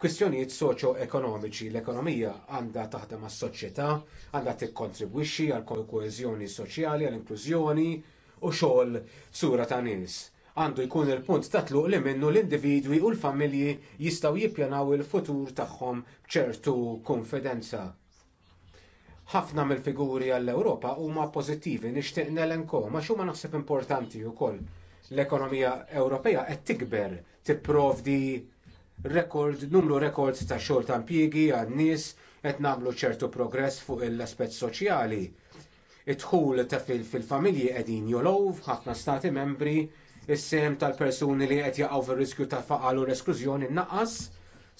kwistjonijiet soċo ekonomiċi l-ekonomija għandha taħdem għas-soċjetà, għandha tikkontribwixxi għal koeżjoni soċjali, għall inklużjoni u xogħol sura ta' nies. Għandu jkun il-punt ta' tluq li minnu l-individwi u l-familji jistgħu jippjanaw il-futur tagħhom b'ċertu konfidenza. Ħafna mill-figuri għall-Ewropa huma pożittivi nixtieq nelenkom għax huma naħseb importanti wkoll. L-ekonomija Ewropea qed tikber, tipprovdi rekord, numru rekord ta' xogħol ta' impjiegi għan-nies qed nagħmlu ċertu progress fuq l-aspett soċjali. Id-dħul ta' fil-familji qegħdin jolow f'ħafna stati membri is-sem tal-persuni li qed jaqgħu fir-riskju ta' faqal u l-esklużjoni naqas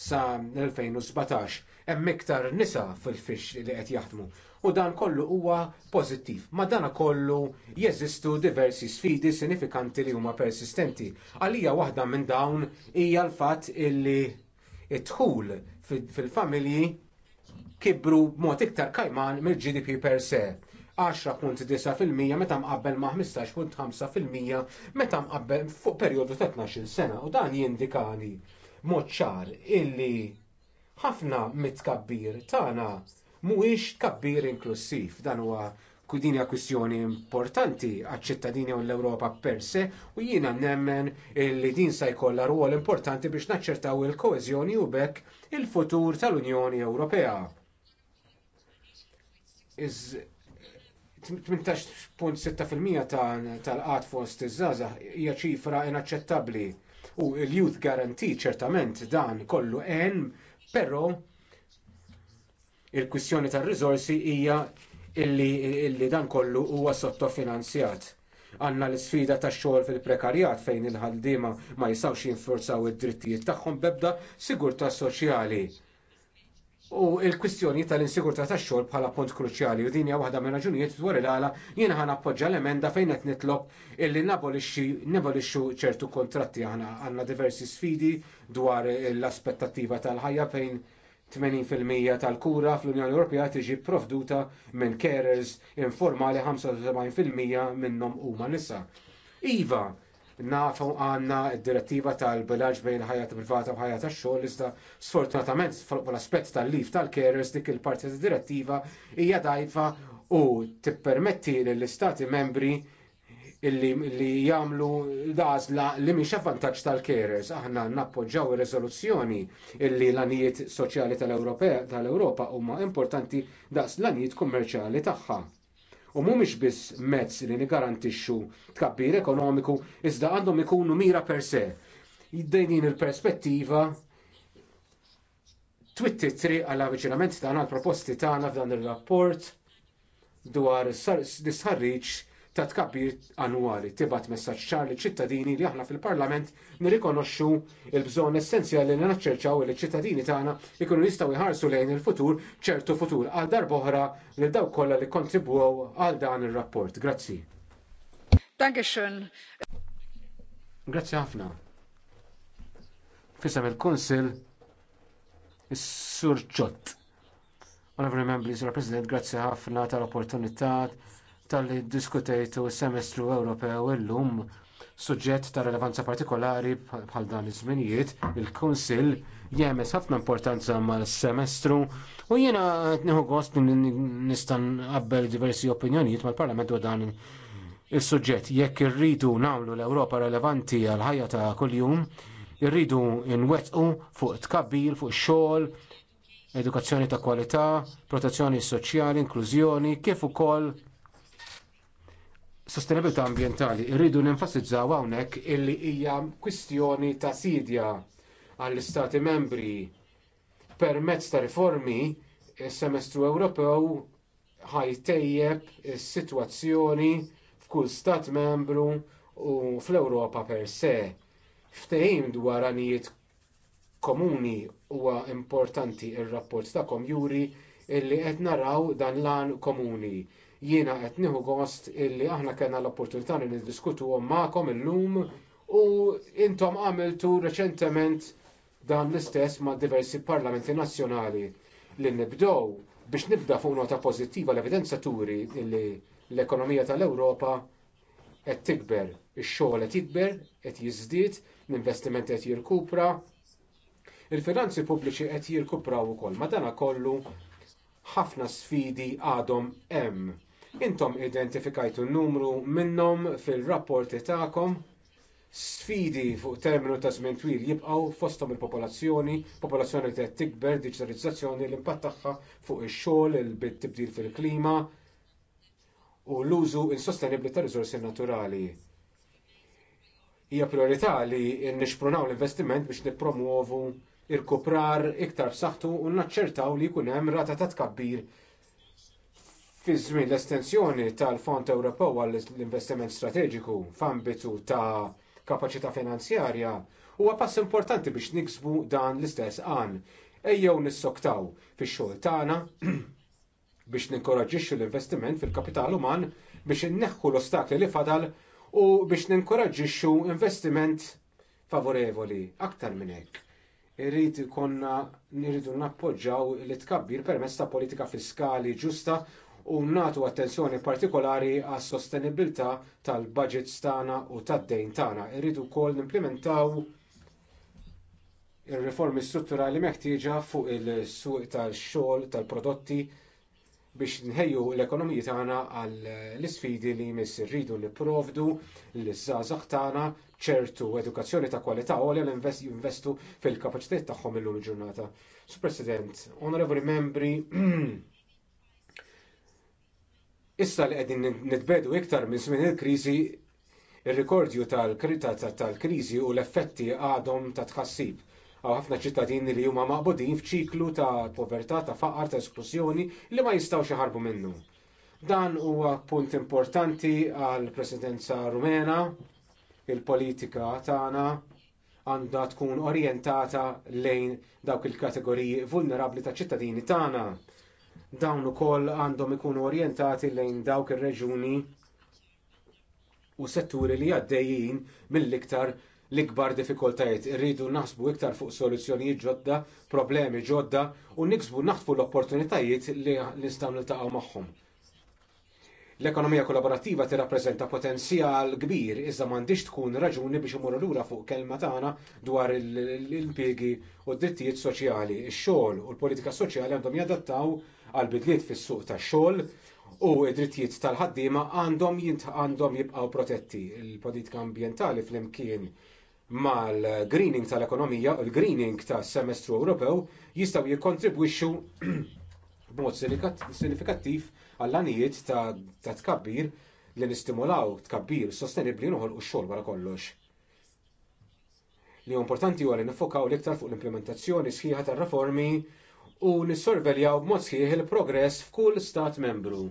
sa' 2017 hemm iktar nisa fil-fix li qed jaħdmu u dan kollu huwa pożittiv. Ma dan kollu jeżistu diversi sfidi sinifikanti li huma persistenti. Għalija waħda minn dawn hija l-fatt illi id-dħul fil-familji kibru b'mod iktar kajman mill-GDP per se. 10.9% meta mqabbel ma' 15.5% meta mqabbel fuq perjodu ta' 12 sena u dan jindikani mod ċar illi ħafna mit-tkabbir tagħna mhuwiex tkabbir inklusiv dan huwa din kwistjoni importanti għal ċittadini u l-Ewropa per se u jiena nemmen li din se jkollha rwol importanti biex naċċertaw il-koeżjoni u bekk il-futur tal-Unjoni Ewropea. Iż 18.6% tal-qat fost iż-żgħażagħ hija ċifra inaċċettabbli. U l-Youth Guarantee ċertament dan kollu en Però il-kwistjoni tar-riżorsi hija illi, dan kollu huwa sottofinanzjat. Għandna l isfida tax xogħol fil-prekarjat fejn il-ħaddiema ma jistgħux jinforzaw id-drittijiet tagħhom bebda sigurtà soċjali. U il-kwistjoni tal-insigurtà tax-xogħol bħala punt kruċjali u dinja waħda minn raġunijiet dwar il-għala jiena ħan appoġġa l-emenda fejn qed nitlob illi nabolixxu ċertu kontratti aħna għandna diversi sfidi dwar l-aspettattiva tal-ħajja fejn 80% tal-kura fl-Unjoni Ewropea tiġi provduta minn carers informali 75% minnhom huma nisa. Iva, nafu għandna d-direttiva tal-bilanċ bejn ħajja privata u ħajja tax-xogħol iżda sfortunatament fuq l-aspett tal-lif tal-carers dik il-parti tad-direttiva hija dajfa u tippermetti lill-istati membri li jagħmlu l-għażla li mhix avvantaġġ tal-carers. Aħna nappoġġaw ir-riżoluzzjoni illi l-anijiet soċjali tal-Ewropa huma importanti daqs l-anijiet kummerċjali tagħha u mhumiex biss mezz li nigarantixxu tkabbir ekonomiku iżda għandhom ikunu mira per se. Jiddejnin il-perspettiva twitti triq għal avviċinament tagħna l proposti tagħna f'dan ir-rapport dwar is-sħarriġ ta' tkabbir annwali tibgħat messaġġ ċar liċ ċittadini li aħna fil-Parlament nirrikonoxxu l-bżonn essenzjali li naċċerċaw li ċittadini tagħna ikunu jistgħu jħarsu lejn il-futur ċertu futur għal darb'oħra lil dawk kollha li kontribwew għal dan ir-rapport. Grazzi. Dankeschön. Grazzi ħafna. Fisem il-Kunsil is-Sur Ġott. Onorevoli President, grazzi ħafna tal-opportunità tal-li diskutejtu semestru Ewropew illum suġġett ta' rilevanza partikolari bħal dan iż-żminijiet, il-Kunsill jemes ħafna importanza mal-semestru u jiena nieħu gost nista' nqabbel diversi opinjonijiet mal-Parlament u dan is-suġġett. Jekk irridu nagħmlu l-Ewropa relevanti għal ħajja ta' kuljum, irridu nwettqu fuq tkabbir, fuq xogħol, edukazzjoni ta' kwalità, protezzjoni soċjali, inklużjoni, kif ukoll sostenibilità ambjentali irridu nenfasizzaw hawnhekk illi hija kwistjoni ta' sidja għall-istati membri permezz ta' riformi is-semestru Ewropew ħajtejjeb is-sitwazzjoni f'kull stat membru u fl-Ewropa per se. Ftehim dwar anijiet komuni huwa importanti ir-rapport tagħkom juri illi qed naraw dan l-għan komuni Jiena qed nieħu gost illi aħna kellna l-opportunità li niddiskutuhom magħkom illum u intom għamiltu reċentement dan l-istess ma' diversi parlamenti nazzjonali li nibdow biex nibda fuq nota pożittiva l-evidenza turi li l-ekonomija tal-Ewropa qed tikber, ix-xogħol qed jikber, qed jiżdied, l-investiment qed jirkupra, il-finanzi pubbliċi qed jirkupraw ukoll. Ma dana kollu ħafna sfidi għadhom hemm. Intom identifikajtu n-numru minnhom fil-rapporti tagħkom sfidi fuq terminu ta' żmien twil jibqgħu fosthom il-popolazzjoni, popolazzjoni li qed tikber, diġitalizzazzjoni l-impatt tagħha fuq ix-xogħol, il-tibdil fil-klima u l-użu insostenibbli ta' riżorsi naturali hija priorità li nixprunaw l-investiment biex nippromuovu irkuprar iktar b'saħħtu u naċċertaw li jkun hemm rata ta' tkabbir fi żmien l-estensjoni tal-Fond Ewropew għall-Investiment Strateġiku f'ambitu ta' kapaċità finanzjarja huwa pass importanti biex niksbu dan l-istess għan. Ejjew nissoktaw fix-xogħol tagħna biex ninkoraġġixxu l-investiment fil-kapital uman biex inneħħu l-ostakli li fadal u biex ninkoraġġixxu investiment favorevoli aktar minn hekk. Irrid konna nirridu nappoġġaw li tkabbir permezz ta' politika fiskali ġusta u nagħtu attenzjoni partikolari għas sostenibilità tal-budgets tagħna u tad-dejn tagħna. Irridu wkoll nimplementaw ir-riformi strutturali meħtieġa fuq il-suq tax-xogħol tal-prodotti biex nħejju l-ekonomiji tagħna għall isfidi li jmiss irridu nipprovdu l-żgħażagħ tagħna ċertu edukazzjoni ta' kwalità għolja li jinvestu fil-kapaċitajiet tagħhom illum il-ġurnata. Su President, onorevoli membri, Issa li qegħdin nitbedu iktar minn żmien il-kriżi ir-rikordju tal-kriżi u l-effetti għadhom ta' tħassib. Għaw ħafna ċittadini li huma maqbudin f'ċiklu ta' povertà, ta' faqar, ta' esklużjoni li ma jistgħux jaħarbu minnu. Dan huwa punt importanti għall presidenza rumena, il-politika tagħna għandha tkun orjentata lejn dawk il-kategoriji vulnerabbli ta' ċittadini tagħna dawn ukoll għandhom ikunu orjentati lejn dawk ir-reġuni u setturi li għaddejjin mill-iktar l-ikbar diffikultajiet irridu naħsbu iktar fuq soluzzjonijiet ġodda, problemi ġodda u niksbu naħtfu l-opportunitajiet li nistgħu niltaqgħu magħhom. L-ekonomija kollaborattiva tirrappreżenta potenzjal kbir iżda m'għandix tkun raġuni biex imorru lura fuq kelma tagħna dwar l-impjiegi u d-drittijiet soċjali. Ix-xogħol u l-politika soċjali għandhom jadattaw għal bidliet fis-suq tax-xogħol u d-drittijiet tal-ħaddiema għandhom għandhom jibqgħu protetti. Il-politika ambjentali flimkien mal-greening tal-ekonomija u l-greening tas-semestru Ewropew jistgħu jikkontribwixxu b'mod sinifikattiv għall-għanijiet ta' tkabbir li nistimulaw tkabbir sostenibbli nħol u xogħol wara kollox. Li importanti huwa li nifokaw l-iktar fuq l-implementazzjoni sħiħa tar-reformi u nissorveljaw b'mod sħiħ il-progress f'kull stat membru.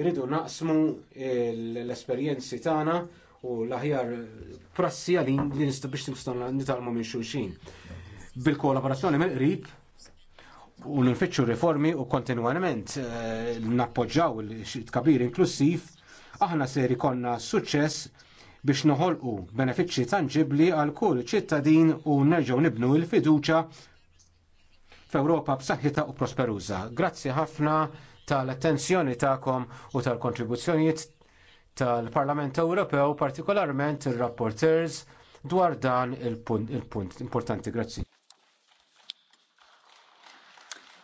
Irridu naqsmu l-esperjenzi tagħna u l-aħjar prassi għalin li nistaw biex nitalmu minn xulxin. Bil-kollaborazzjoni mill-qrib u nfittxu riformi u kontinuament eh, nappoġġaw il-kabir inklusiv, aħna seri konna suċċess biex noħolqu benefiċċji tangibbli għal kull ċittadin u nerġgħu nibnu l-fiduċja f'Ewropa b'saħħitha u prosperuża. Grazzi ħafna tal-attenzjoni tagħkom u tal-kontribuzzjonijiet tal-Parlament Ewropew, partikolarment ir rapporteurs dwar dan il-punt importanti. Grazzi.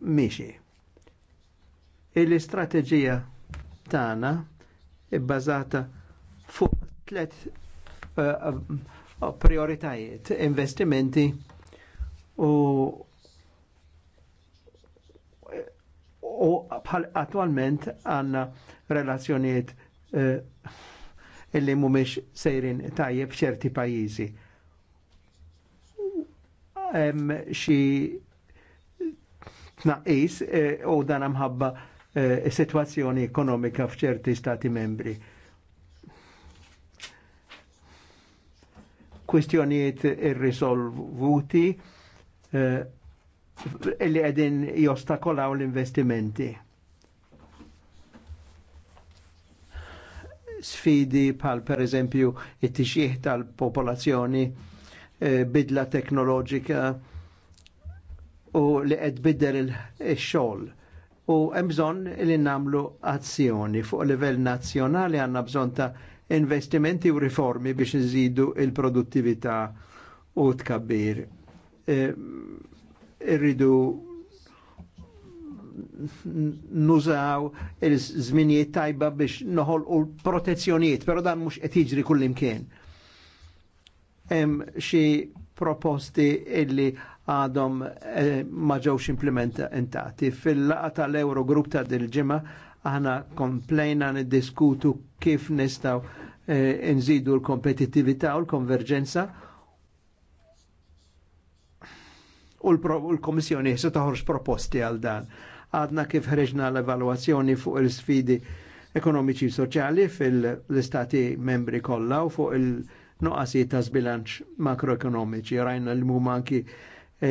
miexi. Il-istrateġija tana bbażata fuq tliet eh, prioritajiet, investimenti u u bħal attualment għanna relazzjoniet uh, eh, illi mumiex sejrin tajjeb ċerti pajizi. Hemm xi tnaqis e, u dan mħabba e, situazzjoni ekonomika f'ċerti stati membri. Kwistjonijiet irrisolvuti e, li għedin jostakolaw l-investimenti. Sfidi pal per eżempju it tixieħ tal-popolazzjoni, bidla teknoloġika, u li qed biddel il-xogħol. U hemm bżonn li nagħmlu azzjoni fuq livell nazzjonali għandna bżonn ta' investimenti u riformi biex nżidu il-produttività u tkabbir. E, irridu nużaw il-żminijiet tajba biex noħolqu protezzjonijiet, però dan mhux qed jiġri kullimkien. Hemm xi proposti illi għadhom eh, ma ġewx implementati. Fil-laqa tal-Eurogrupp ta' dil-ġimgħa aħna komplejna niddiskutu kif nistgħu eh, nżidu l-kompetittività u l-konverġenza u l-Komissjoni se taħorġ proposti għal dan. Għadna kif ħreġna l-evalwazzjoni fuq il-sfidi ekonomiċi soċjali fil-istati membri kollha u fuq il noqasijiet ta' zbilanċ makroekonomiċi. Rajna l-mumanki anki Eh,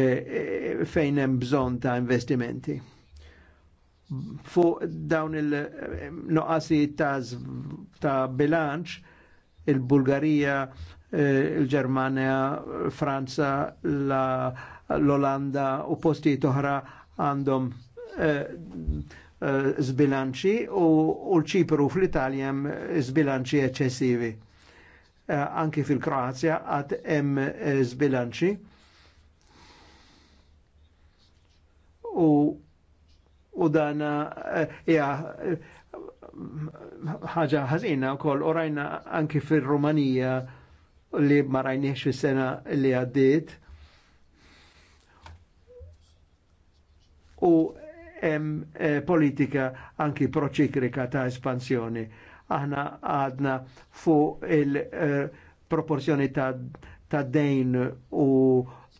eh, fejn hemm bżonn ta' investimenti. Fuq dawn il-noqasi eh, ta', bilanċ, il-Bulgarija, il-Ġermania, Franza, l-Olanda u postijiet oħra għandhom zbilanċi u l-ċipru fl-Italja zbilanċi eccessivi. Anki fil-Kroazja għat hemm zbilanċi u u dana eh, ja ħaġa ħażina wkoll u rajna anki fir-Rumanija li ma rajniex is-sena li għaddiet. U hemm eh, politika anki proċikrika ta' espansjoni. Aħna għadna fuq il-proporzjoni eh, ta dejn u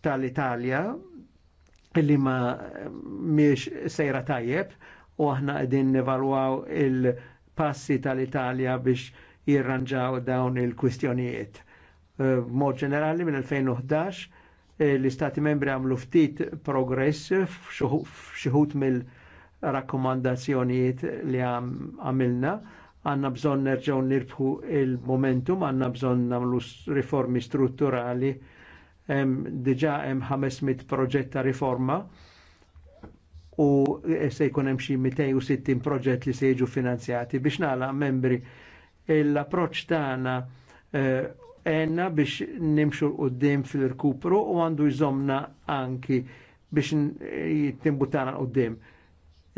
tal-Italja illi ma miex sejra tajjeb u aħna qegħdin nevalwaw il-passi tal-Italja biex jirranġaw dawn il-kwistjonijiet. Eh, Mod ġenerali minn 2011 eh, l-Istati membri għamlu ftit progress f'xiħut mill-rakkomandazzjonijiet li għamilna. Għanna bżon nerġaw nirbħu il-momentum, għanna bżon namlu riformi strutturali diġa hemm 500 proġett ta' riforma u se jkun hemm xi 260 proġett li se jiġu finanzjati. Biex nagħlaq membri l-approċċ tagħna eh, għenna biex nimxu l-qoddim fil-rkupru u għandu jżomna anki biex jittimbutana l-qoddim.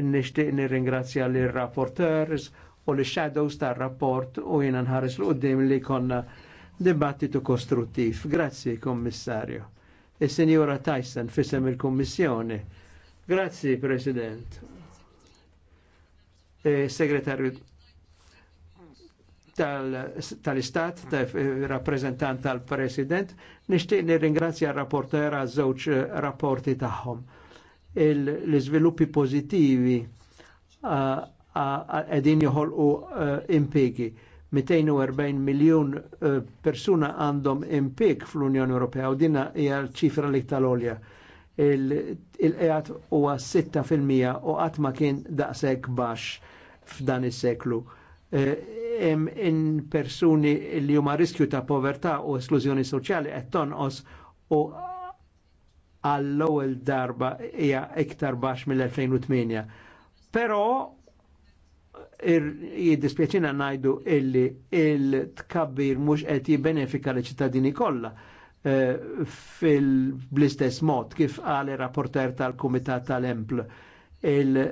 Nishtiq nirringrazzja l-rapporteurs u l-shadows tar-rapport u jina nħares l-qoddim li konna dibattitu kostruttiv. Grazzi, Kommissarju. is e signora Tyson fissem il-Kommissjoni. Grazzi, President. E segretarju tal-Istat, tal rappresentant tal-President, nishtiq nirringrazzja r-rapportera żewġ eh, rapporti tagħhom. L-iżviluppi pożittivi eh, qegħdin joħolqu eh, impigi. Uh, 240 miljon eh, persuna għandhom impik fl-Unjoni Ewropea u dinna hija ċifra li tal-olja. il qiegħed huwa 6% u qatt ma kien daqshekk baxx f'dan is-seklu. Hemm eh, in persuni li huma riskju ta' povertà u esklużjoni soċjali qed tonqos u għall-ewwel darba hija iktar baxx mill-2008. Però jiddispjaċina najdu illi il-tkabbir mux qed jibbenefika li ċittadini kollha eh, fil-blistess mod kif għal rapporter tal-Kumitat tal-Empl il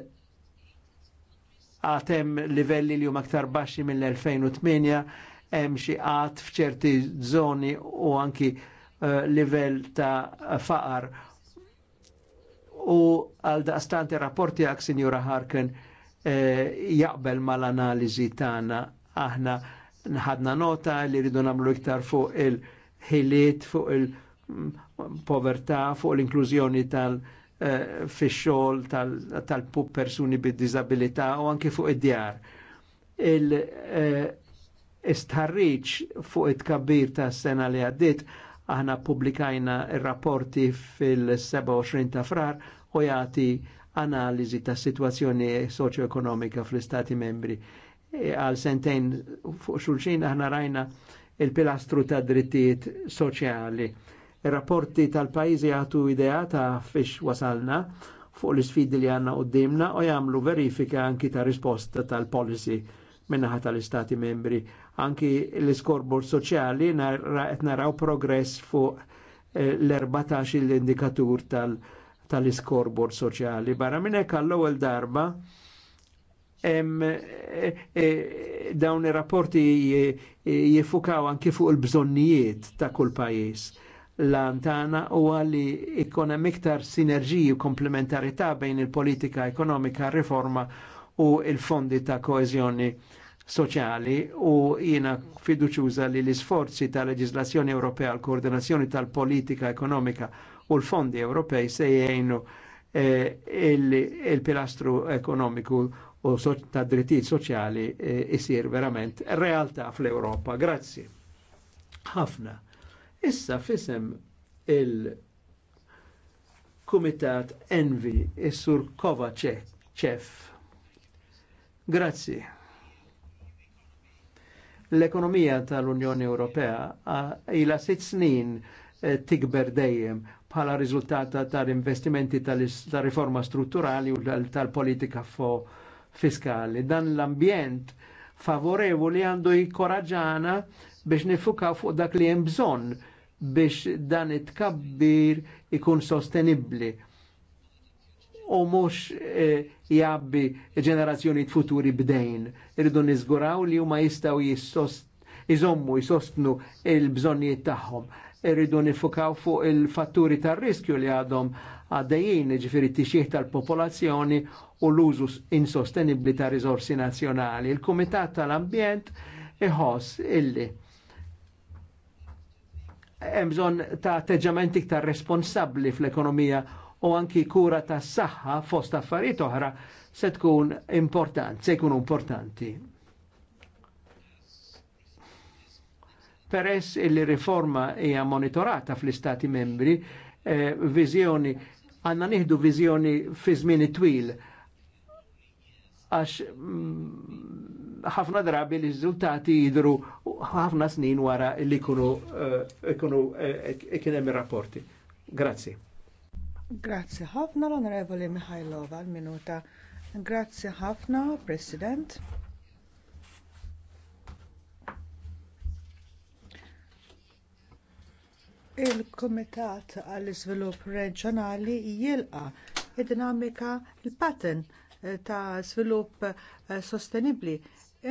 għatem livelli li huma aktar baxxi mill-2008 hemm xi qatt f'ċerti zoni u anki eh, livell ta' faqar u għal daqstant ir-rapporti għak Sinjura Harken Eh, jaqbel mal-analiżi tagħna aħna nħadna nota li rridu nagħmlu iktar fuq il-ħiliet, fuq il-povertà, fuq l-inklużjoni tal- eh, fix-xogħol tal-persuni bid-diżabilità u anke fuq id-djar. Il-istħarriċ eh, fuq it tkabbir tas sena li għaddit Aħna publikajna rapporti fil-27 ta' frar u jagħti analiżi ta' situazzjoni ekonomika fl-Istati membri. E, għal sentejn fuq xulxin aħna rajna il-pilastru ta' drittijiet soċjali. Il-rapporti tal pajzi għatu idea ta' fiex wasalna fuq l-sfidi li għanna dimna u jagħmlu verifika anki ta' risposta tal-policy minnaħa tal-istati membri anki l-iskorbor soċjali qed naraw progress fuq eh, l-14 l-indikatur tal-iskorbor soċjali. Barra minn hekk għall-ewwel darba eh, eh, dawn ir-rapporti jiffukaw anki fuq il-bżonnijiet ta' kull pajjiż l-antana u għalli ikkonem miktar sinerġiji u komplementarità bejn il-politika ekonomika, riforma u il-fondi ta' koezjoni soċjali u jiena fiduċuża li l-isforzi ta' leġislazzjoni Ewropea, l-koordinazzjoni tal-politika ekonomika u l-fondi Ewropej se jgħinu eh, il-pilastru il ekonomiku u so ta' drittijiet soċjali eh, isir verament realtà fl ewropa Grazzi. Ħafna. Issa fisem il-Kumitat Envi, is-Sur Kovacek, ċef. Grazzi. L-ekonomija tal-Unjoni Ewropea ila sitt snin eh, tikber dejjem bħala riżultata tal-investimenti tal-riforma strutturali u tal-politika fiskali. Dan l-ambjent favorevoli għandu jkoraġana biex nifukaw fuq dak li hemm bżonn biex dan it kabbir ikun sostenibbli u mhux e, jabbi ġenerazzjoni futuri bdejn. Irridu niżguraw li huma jistgħu jissost jizommu, jisostnu il-bżonniet tagħhom. Irridu nifukaw fuq il-fatturi tar-riskju li għadhom għaddejjin, ġifiri t-tixieħ tal-popolazzjoni u l-użu insostenibli ta' risorsi nazjonali. Il-Kumitat tal-Ambjent iħoss illi hemm bżonn ta' atteġġament iktar responsabbli fl-ekonomija u anki kura tas saħħa fost affarijiet oħra se tkun importanti, se jkunu importanti. Peress il-riforma hija monitorata fl-Istati membri, eh, viżjoni għanna nieħdu viżjoni fi żmien twil għax mm, ħafna drabi l riżultati jidru ħafna snin wara li kunu eh, eh, kien hemm rapporti. Grazzi. Grazzi ħafna l-Onorevoli Mihajlova l-minuta. Grazzi ħafna, President. Il-Kumitat għall-Iżvilupp Reġjonali jilqa id-dinamika l-pattern eh, ta' svilupp eh, sostenibbli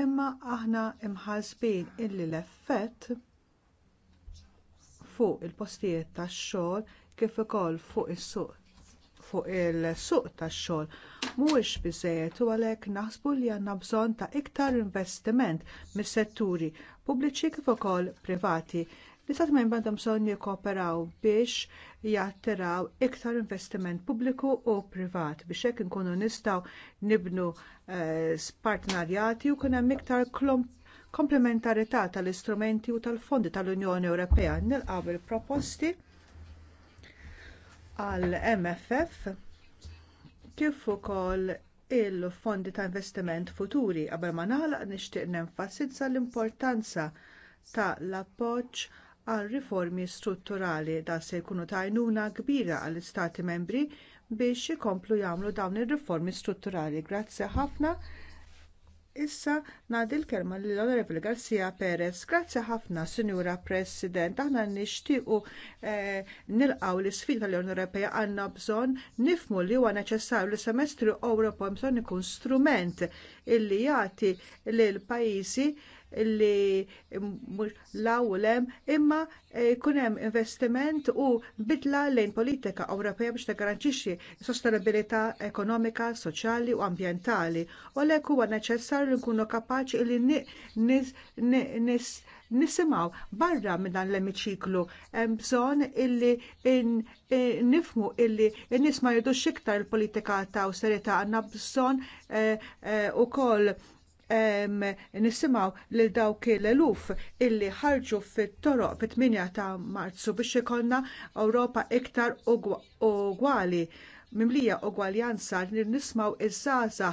imma aħna imħasbin illi l-effett fuq il-postijiet tax-xogħol kif ukoll fuq is-suq fuq il-suq tax-xogħol mhuwiex biżżejjed u għalhekk naħsbu li għandna bżonn ta' iktar investiment mis-setturi pubbliċi kif ukoll privati li sa minn għandhom bżonn jikkooperaw biex jattiraw iktar investiment pubbliku u privat biex hekk inkunu nistgħu nibnu eh, partnerjati u kien hemm iktar komplementarità tal-istrumenti u tal-fondi tal-Unjoni Ewropea Nilqgħu il-proposti għall MFF kif ukoll il-fondi ta' investiment futuri qabel ma nagħlaq nixtieq nenfasizza l-importanza ta' l-appoġġ għal riformi strutturali da se jkunu ta' għajnuna kbira għall istati membri biex ikomplu jagħmlu dawn ir-riformi strutturali. Grazzi ħafna Issa ngħaddi l-kelma lill onorevoli Garcia Perez. Grazzi ħafna, Sinjura President. Aħna nixtiequ eh, nilqgħu nilqaw l isfida tal-Unjoni Ewropea għandna bżonn nifmu li huwa neċessarju li semestru Ewropa bżonn ikun strument illi jagħti lil pajjiżi li l imma jkun eh, hemm investiment u bidla lejn politika Ewropea biex tagarantixxi sostenibilità ekonomika, soċjali u ambjentali. U għalhekk huwa neċessarju li nkunu kapaċi li nisimaw nisimgħu barra minn dan l-emiċiklu hemm bżonn illi eh, nifmu illi nisma' nies ma iktar il-politika ta' awsterità għandna bżonn eh, ukoll nisimgħu lil dawk l-eluf illi ħarġu fit-toroq fit-8 ta' Marzu biex ikollna Ewropa iktar ugwali mimlija ugwaljanza li nismaw iż-żaza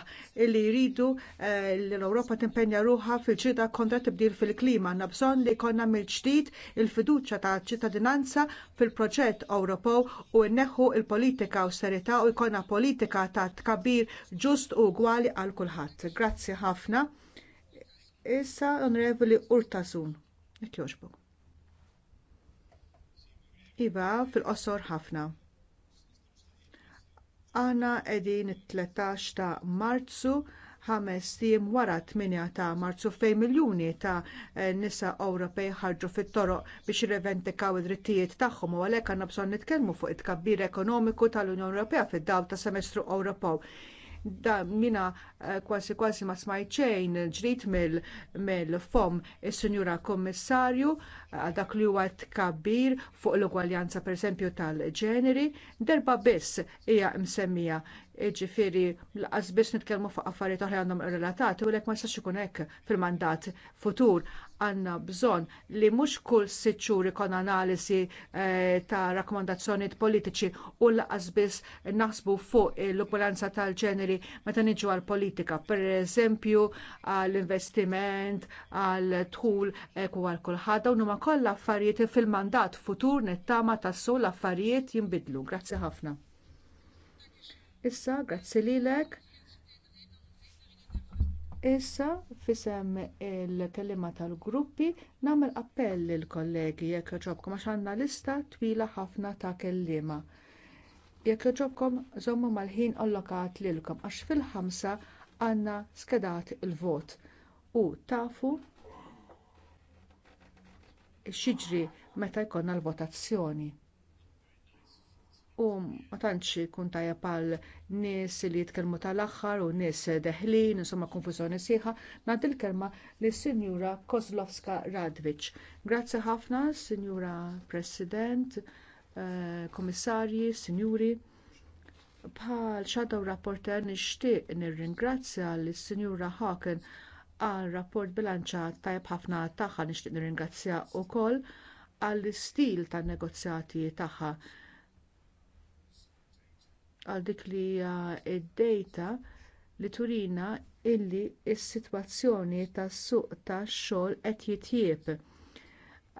li jridu eh, l-Ewropa timpenja ruħa fil-ġida kontra tibdil fil-klima. Na bżonn li jkollna mill-ġdid il-fiduċja ta' ċittadinanza fil-proġett Ewropew u nneħħu l politika austerità u jkollna politika ta' tkabbir ġust u ugwali għal kulħadd. Grazzi ħafna. Issa onorevoli Urtasun. Jekk Iva fil-qosor ħafna. Aħna qegħdin it-13 ta' Marzu ħames tiem wara 8 ta' Marzu fejn miljuni ta' eh, nisa Ewropej ħarġu fit-toroq biex jirrevendikaw id-drittijiet tagħhom u għalhekk għandna bżonn nitkellmu fuq it-tkabbir ekonomiku tal-Unjoni Ewropea fid-dawl ta' semestru Ewropew. Da mina eh, kważi kważi ma smajċejn ġrid mill-fom is-Sinjura Kommissarju għal dak li huwa tkabbir fuq l-ugwaljanza pereżempju tal-ġeneri, darba biss hija msemmija ġifiri laqas biss nitkellmu fuq affarijiet oħra għandhom relatati u lek ma jistax ikun hekk fil-mandat futur għandna bżonn li mhux kull sitt xhur ikun analisi eh, ta' rakkomandazzjonijiet politiċi u laqas biss naħsbu fuq l-ugwaljanza tal-ġeneri meta niġu għall politika, pereżempju għall investiment għal dħul u għal kulħadd dawn huma kollha affarijiet fil-mandat futur nittama tas l-affarijiet jinbidlu. Grazzi ħafna. Issa, grazzi lilek. Issa, fisem il-kelima tal-gruppi, nagħmel appell lill kollegi jekk joġobkom għax għandna lista twila ħafna ta' kelliema jekk joġobkom żommu mal-ħin allokat lilkom għax fil-ħamsa għandna skedat il-vot u tafu xiġri meta jkollna l-votazzjoni. U ma tantx ikun tajjeb għal nies li jitkellmu tal-aħħar u nies deħlin, insomma konfużjoni sieħa, nagħti l-kelma lis sinjura Kozlowska Radwicz. Grazzi ħafna, Sinjura President, eh, Komissarji, Sinjuri bħal shadow rapporteur nixtieq nirringrazzja lis sinjura Haken għal rapport bilanċat tajjeb ħafna tagħha nixtieq nirringrazzja wkoll għall-istil tan-negozjati tagħha għal dik li hija dejta li turina illi s-sitwazzjoni tas-suq tax-xogħol qed jitjieb.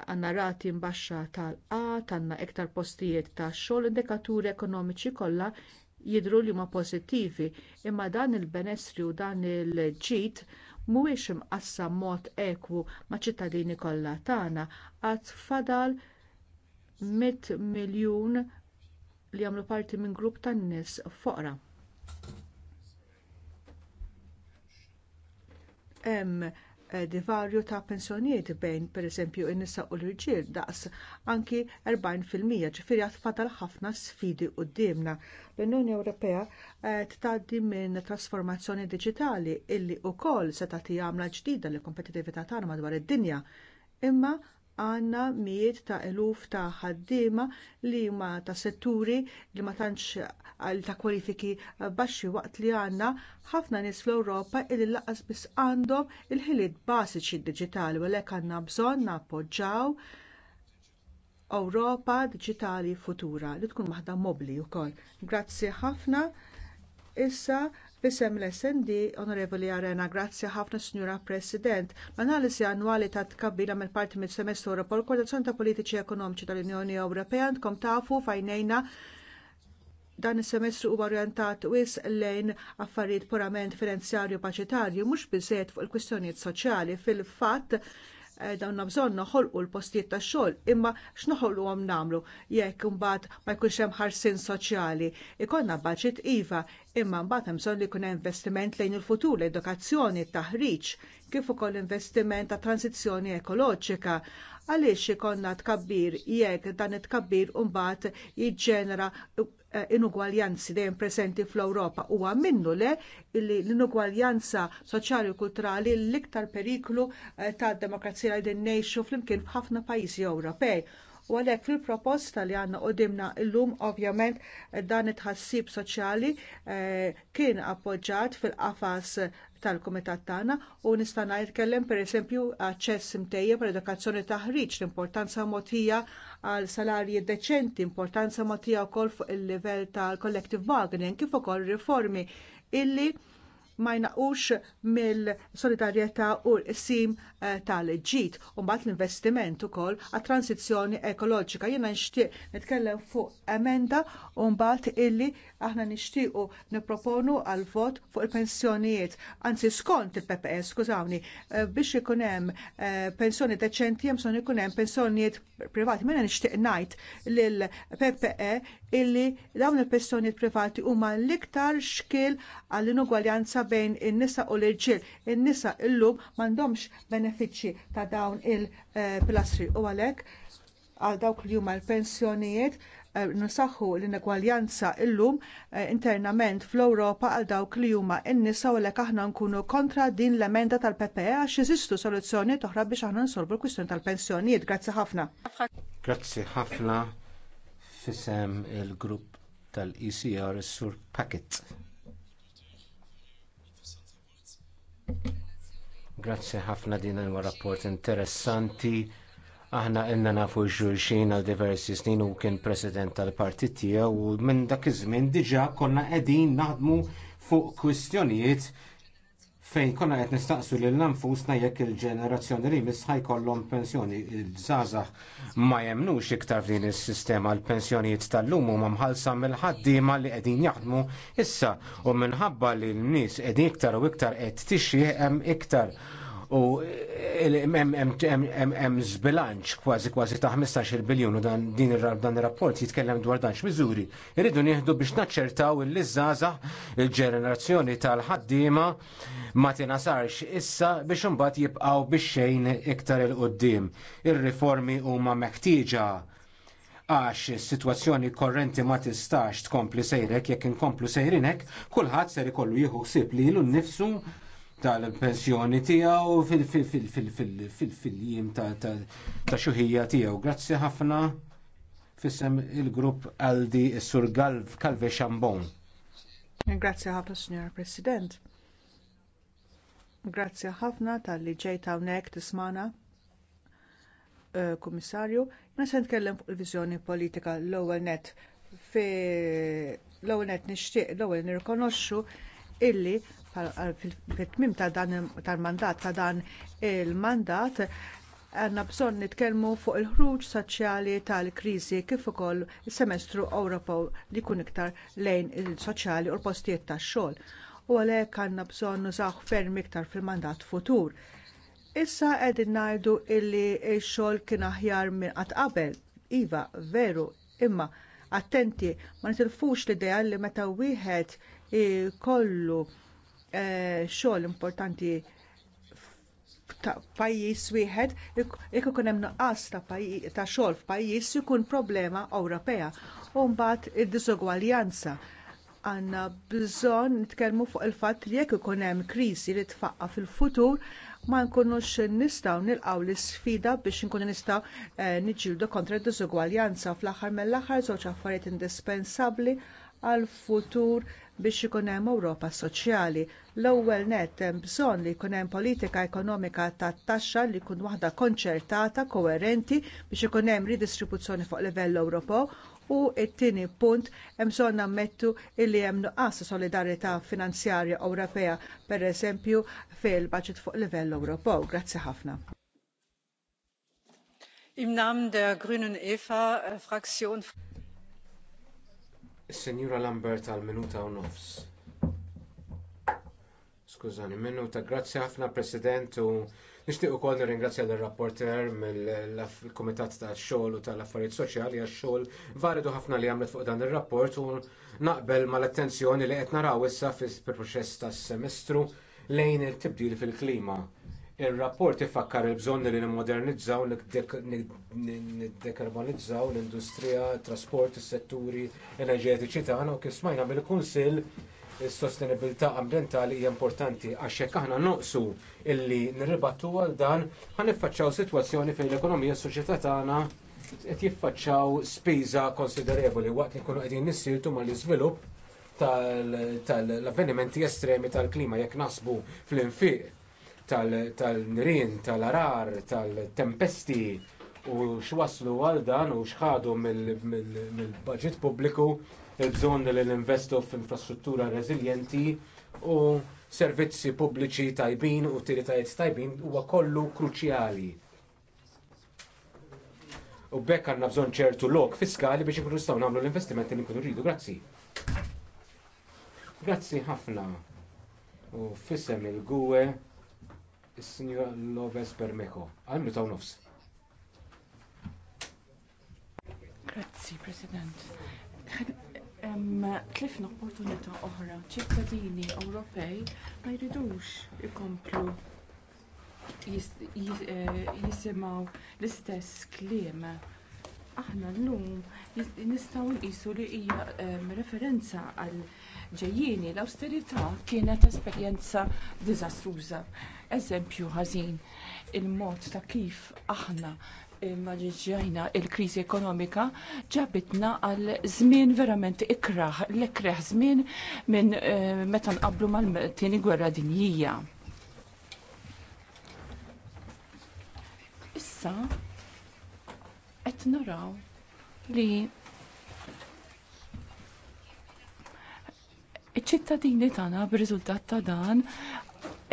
Għandna rati mbaxxa tal-qat, għandna iktar postijiet tax-xogħol, indikaturi ekonomiċi kollha jidhru li huma pożittivi, imma dan il-benessri u dan il-ġid mhuwiex imqassa mod ekwu maċ ċittadini kollha tagħna għad fadal 100 miljun li jagħmlu parti minn grupp tan nies foqra. Hemm divarju ta' pensjonijiet bejn pereżempju in-nisa u l-irġiel daqs anki 40% ġifieri għad fadal ħafna sfidi qudiemna. L-Unjoni Ewropea qed eh, tgħaddi minn trasformazzjoni diġitali illi wkoll se tagħti għamla ġdida lill kompetitività tagħna madwar id-dinja. Imma għandna mijiet ta' eluf ta' ħaddiema li huma ta' setturi li ma tantx għal ta' kwalifiki baxxi waqt li għandna ħafna nies fl-Ewropa illi laqas biss għandhom il-ħiliet bażiċi diġitali u għalhekk għandna bżonn nappoġġjaw Ewropa Diġitali Futura li tkun waħda mobbli wkoll. Grazzi ħafna. Issa Bisem l-SND, Onorevoli Arena, grazzi ħafna Signora President. L-analisi annwali ta' tkabbila mill parti mill semestru Europol, koordinazzjoni ta' politiċi ekonomiċi tal-Unjoni Ewropea, għandkom tafu fajnejna dan is-semestru huwa orjentat wis lejn affarijiet purament finanzjarju paċitarju mhux biżżejjed fuq il-kwistjonijiet soċjali fil-fatt eh, dawna bżonn noħolqu l-postijiet tax xogħol imma x'noħolqu għom nagħmlu jekk imbagħad ma jkunx hemm ħarsien soċjali. Ikollna baġit iva imma mbagħad hemm bżonn li jkun hemm investiment lejn il-futur, l-edukazzjoni, t-taħriġ, kif ukoll investiment ta' transizzjoni ekoloġika għaliex ikonna tkabbir jekk dan it-tkabbir mbagħad jiġġenera eh, inugwaljanzi dejjem preżenti fl-Ewropa huwa minnu le li l-inugwaljanza soċjali u kulturali l-iktar periklu eh, tad demokrazija li ngħixu flimkien f'ħafna pajjiżi Ewropej U għalhekk fil-proposta li għandna qudiemna llum ovvjament dan it-ħassib soċjali eh, kien appoġġjat fil-qafas tal-Kumitat tagħna u nista' ngħidkellem pereżempju aċċess imtejjeb għal edukazzjoni ħriġ, l-importanza mogħtija għal salarji deċenti, importanza mogħtija wkoll fuq il-livell tal-collective bargaining kif ukoll riformi illi ma jnaqux mill-solidarjetà u sim eh, tal-ġid u mbagħad l-investiment ukoll għat-transizzjoni ekoloġika. Jiena nixtieq nitkellem fuq emenda u mbagħad illi aħna nixtiequ nipproponu għal vot fuq il-pensjonijiet. Anzi skont il-PPS, e, skużawni, eh, biex ikun hemm eh, pensjoni deċenti hemm ikun hemm pensjonijiet privati. Mela nixtieq ngħid lill-PPE illi dawn il-personijiet privati huma l-iktar xkil għall inugwaljanza bejn in-nisa u l-irġiel. In-nisa llum m'għandhomx benefiċċji ta' dawn il-pilastri u għalhekk għal dawk li huma l-pensjonijiet eh, nisaħħu l-inegwaljanza llum eh, internament fl-Ewropa għal dawk li huma n-nisa u għalhekk aħna nkunu kontra din l-emenda tal-PPE għax jeżistu soluzzjoni toħra biex aħna nsolvu l-kwistjoni tal-pensjonijiet. Grazzi ħafna. Grazzi ħafna Fisem il-grupp tal-ECR sur Packet. Grazzi ħafna din huwa rapport interessanti. Aħna ilna nafu xulxin għal diversi snin u kien president tal-partit tiegħu u minn dak iż-żmien diġà konna qegħdin naħdmu fuq kwistjonijiet fejn konna qed nistaqsu lil nanfusna jekk il-ġenerazzjoni li jmiss jkollhom pensjoni il-żgħażagħ ma jemnux iktar din is-sistema l-pensjonijiet tal-lum huma mħallsa mill-ħaddiema li qegħdin jaħdmu issa u minħabba li l-nies qegħdin iktar u iktar qed tixjieq hemm iktar u hemm eh, eh, zbilanċ kważi kważi ta' 15 biljun u dan din dan ir-rapport jitkellem dwar dan x'miżuri irridu nieħdu biex naċċertaw l żgħażagħ il-ġenerazzjoni tal-ħaddiema ma tinasarx issa biex imbagħad jibqgħu biex xejn iktar il-qoddim. Ir-riformi huma meħtieġa għax is-sitwazzjoni korrenti ma tistax tkompli sejrek jekk inkomplu sejrinek, kulħadd ser ikollu jieħu ħsieb l nnifsu tal-pensjoni tiegħu fil-jiem fil fil fil ta' xuħija tiegħu. Grazzi ħafna fissem il-grupp Aldi Sur Calve Xambon. Grazzi ħafna, Signor President. Grazzi ħafna tal-li ġejt hawnhekk tismana eh, kummissarju, jena se nitkellem fuq il-viżjoni politika l-ewwel net fi l-ewwel net nixtieq l-ewwel nirrikonoxxu illi fit-tmim tal-mandat ta' dan il-mandat għandna bżonn nitkellmu fuq il-ħruġ soċjali tal-kriżi kif ukoll is-semestru Ewropew li jkun iktar lejn il-soċjali u l-postijiet tax-xogħol. U għalhekk għandna bżonn nużaw ferm iktar fil-mandat futur. Issa qegħdin ngħidu li x-xogħol kien aħjar minn qatt qabel. Iva, veru, imma attenti ma nitilfux l-idea li meta wieħed kollu Eh, xogħol importanti ta' wieħed, jekk ikun hemm nuqqas ta' xogħol f'pajjiż ikun problema Ewropea. U mbagħad id-diżugwaljanza għandna bżonn nitkellmu fuq il-fatt li jekk ikun hemm kriżi li tfaqqa fil-futur ma nkunux nistgħu nilqgħu l-isfida biex nkunu nistgħu eh, niġġieldu kontra d-diżugwaljanza fl-aħħar mill-aħħar żewġ affarijiet indispensabbli għall futur biex ikun hemm Ewropa soċjali. L-ewwel nett hemm bżonn li jkun hemm politika ekonomika tat-taxxa li jkun waħda konċertata, koerenti biex ikun hemm ridistribuzzjoni fuq livell Ewropew u t-tieni punt hemm bżonn nammettu li hemm nuqqas solidarità finanzjarja Ewropea, pereżempju fil-baġit fuq livell Ewropew. Grazzi ħafna. Im Namen der Grünen Eva äh, Fraktion Is-Senjura Lambert għal minuta u nofs. Skużani, minuta. Grazzi ħafna President u nixtieq ukoll nirringrazzja l rapporter mill-Kumitat tax xogħol u tal-Affarijiet Soċjali għax xogħol varidu ħafna li għamlet fuq dan ir-rapport u naqbel mal-attenzjoni li qed naraw issa fil-proċess tas-semestru lejn it-tibdil fil-klima Ir-rapport ifakkar il-bżonn li nimmodernizzaw, niddekarbonizzaw l-industrija, trasport, is-setturi enerġetiċi tagħna u kif smajna mill-Kunsill is-sostenibilità ambjentali hija importanti għax hekk aħna noqsu illi nirribattu għal dan ħaniffaċċaw sitwazzjoni fejn l-ekonomija s-soċjetà tagħna qed jiffaċċaw spiża konsiderevoli waqt li jkunu qegħdin nissirtu mal-iżvilupp tal-avvenimenti estremi tal-klima jekk naħsbu fl-infiq tal-nirien, tal-arar, tal-tempesti u x'waslu għal dan u xħadu mill-budget pubbliku il-bżonn li ninvestu f'infrastruttura reżiljenti u servizzi pubbliċi tajbin u utilitajiet tajbin huwa kollu kruċjali. U bekk għandna bżonn ċertu lok fiskali biex ikunu staw nagħmlu l-investimenti li nkunu rridu. Grazzi. Grazzi ħafna. U fissem il-gwe Is-Sinjora Lopez Bermejo, għal taw nofs. Grazzi, President. Tlifna opportunità oħra, ċittadini Ewropej ma jridux ikomplu eh, jisimaw l-istess kliem. Aħna llum nistgħu nqisu li hija referenza għal ġejjini l-austerità kienet esperjenza diżastruża eżempju ħażin il-mod ta' kif aħna maġiġajna il-krizi ekonomika ġabitna għal żmien verament ikraħ, l-ekraħ żmien minn eh, meta nqablu mal-tieni gwerra dinjija. Issa qed naraw li iċ-ċittadini tagħna b'riżultat ta' dan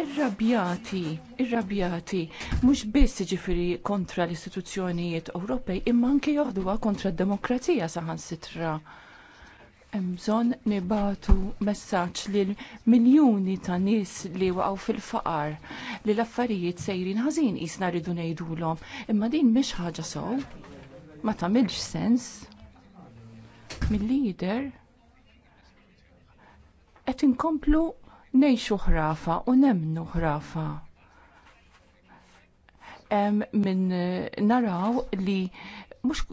irrabjati, irrabjati, mhux biss jiġifieri kontra l-istituzzjonijiet Ewropej, imma anke joħduha kontra d-demokrazija saħansitra. Hemm bżonn nibatu messaġġ lil miljuni ta' nies li waqgħu fil-faqar li l-affarijiet sejrin ħażin jisna rridu ngħidulhom, imma din mhix ħaġa sow, Ma tagħmilx sens. Mill-lider qed inkomplu nejxu ħrafa u nemnu ħrafa. Minn naraw li mux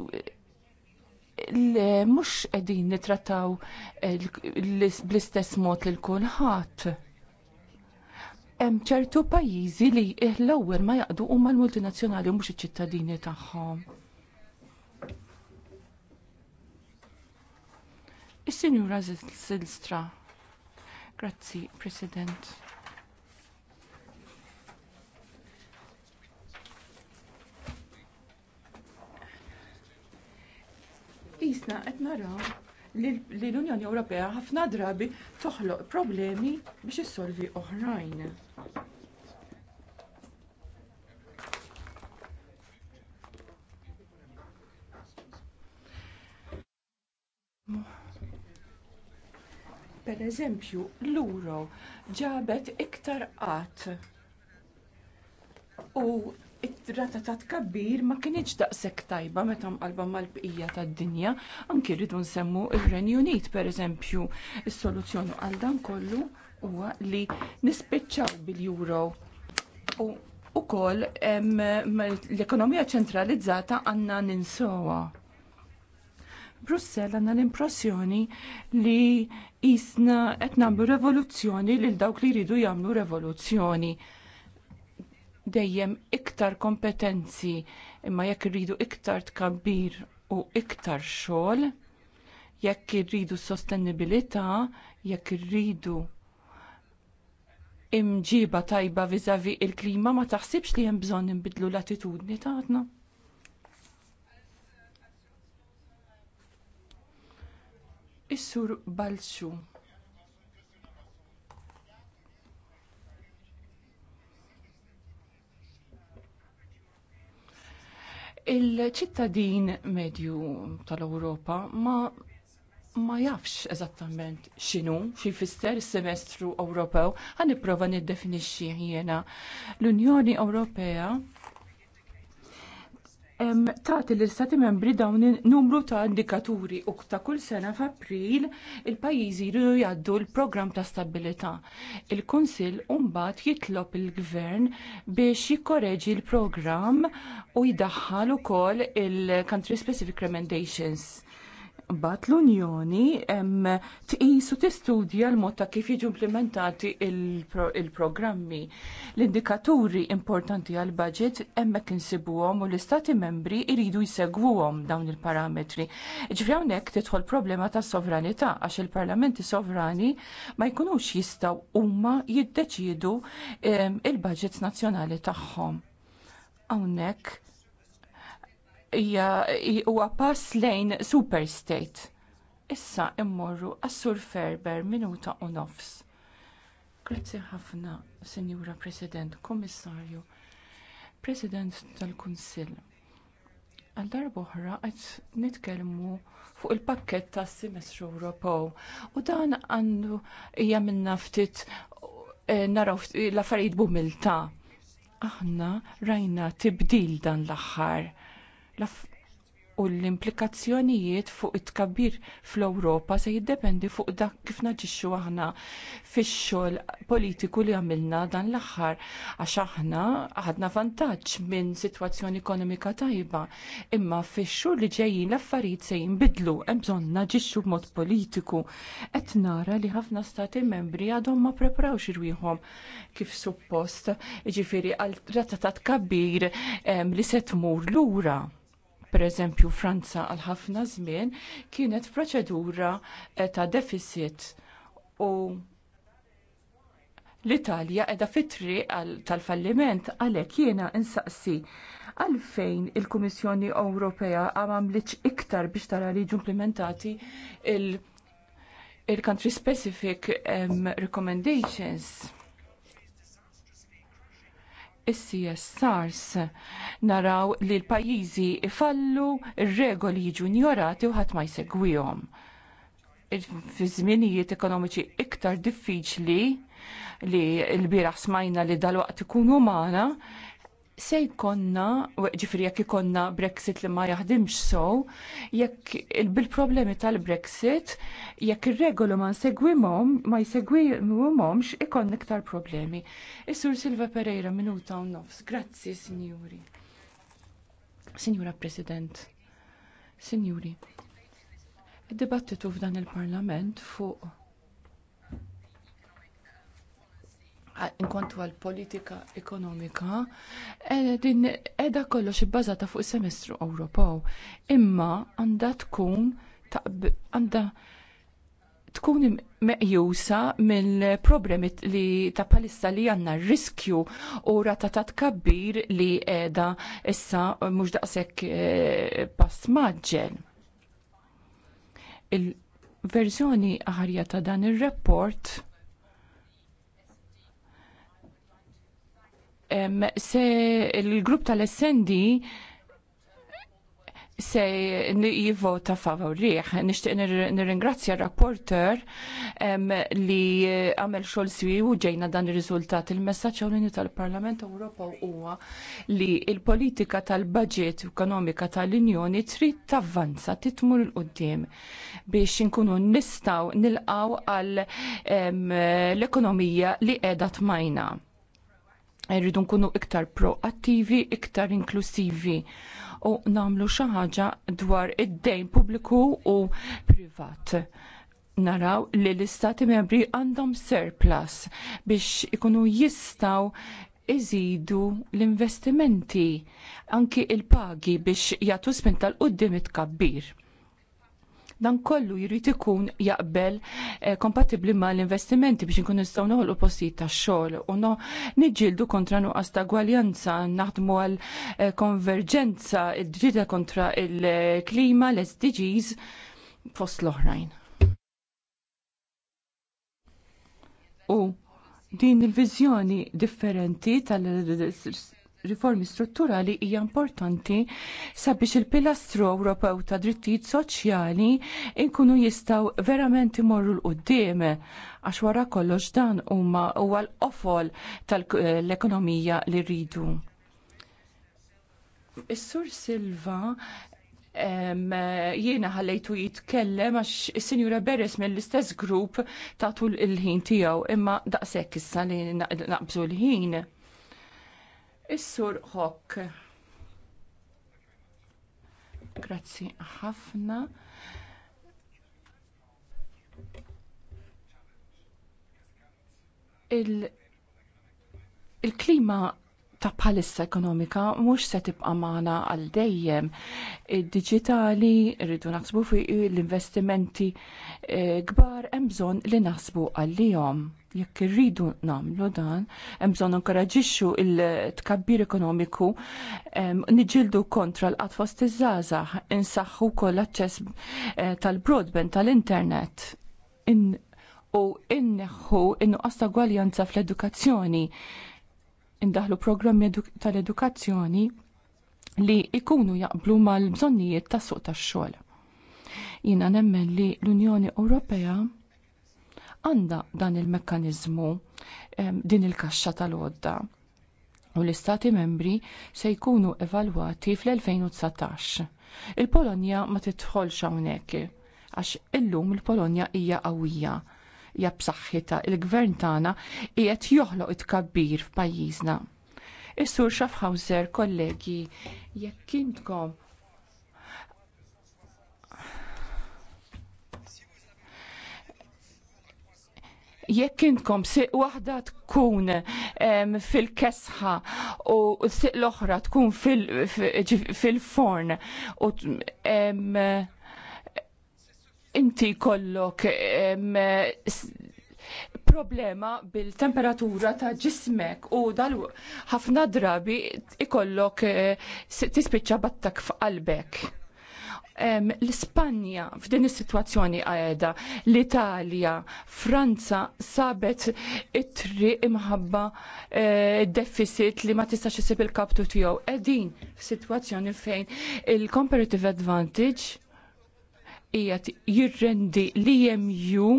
mux edin nitrataw bl-istess mod lil kulħadd. Hemm ċertu pajjiżi li l-ewwel ma jaqdu huma l-multinazzjonali u mhux iċ-ċittadini tagħhom. Is-Sinjura Silstra. Grazzi, President. Isna qed naraw li l-Unjoni Ewropea ħafna drabi toħloq problemi biex issolvi oħrajn. Pereżempju, l uro ġabet iktar qatt u it-rata ta' tkabbir ma kienieċ daqshekk tajba meta mqalba mal-bqija tad-dinja, anki rridu nsemmu ir-Renju Unit pereżempju. Is-soluzzjoni għal dan kollu huwa li nispiċċaw bil-euro u koll l-ekonomija ċentralizzata għandna ninsowa. Brussell għandna l-impressjoni li jisna qed nagħmlu revoluzzjoni lil dawk li jridu jagħmlu revoluzzjoni. Dejjem iktar kompetenzi imma jekk irridu iktar tkabbir u iktar xogħol, jekk irridu sostenibilità, jekk irridu imġiba tajba vizavi il-klima ma taħsibx li hemm bżonn inbidlu l-attitudni tagħna. Is-sur Balxu. Il-ċittadin medju tal-Ewropa ma ma jafx eżattament x'inhu xi jfisser semestru Ewropew. Ħa nipprova niddefinixxi jiena. L-Unjoni Ewropea tagħti l-istati membri dawn numru ta' indikaturi u ta' kull sena f'April il-pajjiżi jridu jgħaddu l-programm ta' stabilità. Il-Kunsill mbagħad jitlob il-Gvern biex jikkoreġi l-programm u jdaħħal ukoll il-Country Specific Recommendations Bat l-Unjoni t-qisu t tistudja l-mod ta' kif jiġu implementati il-programmi. L-indikaturi importanti għal budget hemmhekk insibuhom u l-Istati membri jridu jsegwuhom dawn il-parametri. Ġifri hawnhekk tidħol problema ta' sovranità għax il-parlamenti sovrani ma jkunux jistgħu huma jiddeċiedu ehm, il-budgets nazzjonali tagħhom. Hawnhekk huwa pass lejn superstate. Issa immorru għas-Sur Ferber minuta u nofs. Grazzi ħafna, Sinjura President, Kommissarju, President tal-Kunsill. Għal darba oħra qed nitkellmu fuq il-pakket tas semestru Ewropew u dan għandu hija minna ftit eh, naraw l-affarijiet bumilta. Aħna rajna tibdil dan l-aħħar u l-implikazzjonijiet fuq it tkabbir fl-Ewropa se jiddependi fuq dak kif naġixxu aħna fix-xogħol politiku li għamilna dan l-aħħar għax aħna ħadna vantaġġ minn sitwazzjoni ekonomika tajba imma fix-xhur li ġejjin l-affarijiet se jinbidlu hemm bżonn naġixxu b'mod politiku qed nara li ħafna stati membri għadhom ma preparawx irwieħhom kif suppost jiġifieri għal ta' tkabbir li se tmur lura pereżempju Franza għal ħafna żmien kienet proċedura eh, ta' deficit u l-Italja qiegħda fitri tal-falliment għalhekk jiena insaqsi għalfejn il-Kummissjoni Ewropea għamamliċ iktar biex tara li implementati il-country specific recommendations is-CSRs. Naraw li l-pajjiżi ifallu r regoli jiġu njorati u ħadd ma jsegwihom. Fi żminijiet ekonomiċi iktar diffiċli li l bieraħ smajna li dal-waqt ikunu magħna, se jkonna, ġifri jekk jkonna Brexit li ma jaħdimx so, jekk bil-problemi tal-Brexit, jekk ir-regolu ma nsegwimhom, ma jsegwimhomx ikon iktar problemi. Is-Sur Silva Pereira minuta u nofs. Grazzi, signori. Signora President. signori, Id-dibattitu f'dan il-Parlament fuq inkontu għal politika ekonomika eh, din edha kollox ibbażata fuq is-semestru Ewropew. Imma għandha tkun għandha tkun meqjusa mill-problemi li ta' palissa li għanna riskju u ratatat kabbir li edha issa mux daqsek eh, pass maġġel. Il-verżjoni aħarja ta' dan il-rapport se il-grupp tal-essendi se jivvota favor riħ. Nishtiq nirringrazzja rapporter li għamel xol siwi u ġejna dan il-rizultat. Il-messagġ għolini tal-Parlament Ewropa huwa li il-politika tal-budget ekonomika tal-Unjoni trid tavvanza, titmur il qudiem biex inkunu nistaw nilqaw għal l-ekonomija li qiegħda tmajna rridu nkunu iktar proattivi, iktar inklusivi u namlu xi ħaġa dwar id-dejn pubbliku u privat. Naraw li l-istati membri għandhom surplus biex ikunu jistaw iżidu l-investimenti anki il-pagi biex jagħtu spinta l-qoddim it-kabbir dan kollu jrid ikun jaqbel eh, kompatibbli mal investimenti biex nkun nistgħu noħolqu postijiet tax-xogħol u no niġġieldu kontra nuqqas ta' gwaljanza, naħdmu għal eh, konverġenza id-ġrida kontra il-klima, l-SDGs fost l-oħrajn. U din il-viżjoni differenti tal riformi strutturali hija importanti sabiex il-pilastru Ewropew ta' drittijiet soċjali inkunu jistgħu verament imorru l qudiem għax wara kollox dan huma huwa l-qofol tal-ekonomija li rridu. Is-Sur Silva jiena ħallejtu jitkellem għax is-Sinjura Beres mill-istess grupp tatul il-ħin tiegħu imma daqshekk issa li naqbżu l-ħin. Is-sur Hock. Grazzi ħafna. Il-klima il ta' bħalissa ekonomika mhux se tibqa' magħna għal dejjem. Id-diġitali rridu naħsbu fuq l-investimenti e, kbar hemm bżonn li naħsbu għalihom. Jekk irridu nagħmlu dan, hemm bżonn inkoraġixxu l-tkabbir ekonomiku niġildu kontra l-qatfost iż-żgħażagħ, insaħħu wkoll l-aċċess e, tal-broadband tal-internet u inneħħu innu ta' gwaljanza fl-edukazzjoni indaħlu programmi tal-edukazzjoni li ikunu jaqblu mal-bżonnijiet tas suq tax-xogħol. Jiena nemmen li l-Unjoni Ewropea għandha dan il-mekkaniżmu din il-kaxxa tal-għodda u l-istati membri se jkunu evalwati fl-2019. Il-Polonja ma tidħolx hawnhekk għax illum il-Polonja hija qawwija jab b'saħħitha il-gvern tagħna qiegħed joħloq it-kabbir f'pajjiżna. Is-sur Schaffhauser, kollegi, jekk intkom jekk intkom siq waħda tkun fil-kesħa u siq l-oħra tkun fil-forn fil u inti kollok problema bil-temperatura ta' ġismek u dal ħafna drabi ikollok eh, tispiċċa battak f'qalbek. L-Ispanja f'din is-sitwazzjoni għajda, l-Italja, Franza sabet it-tri imħabba eh, deficit li ma tistax isib il-kaptu tiegħu. Qegħdin f'sitwazzjoni fejn il-comparative advantage qiegħed jirrendi l jemju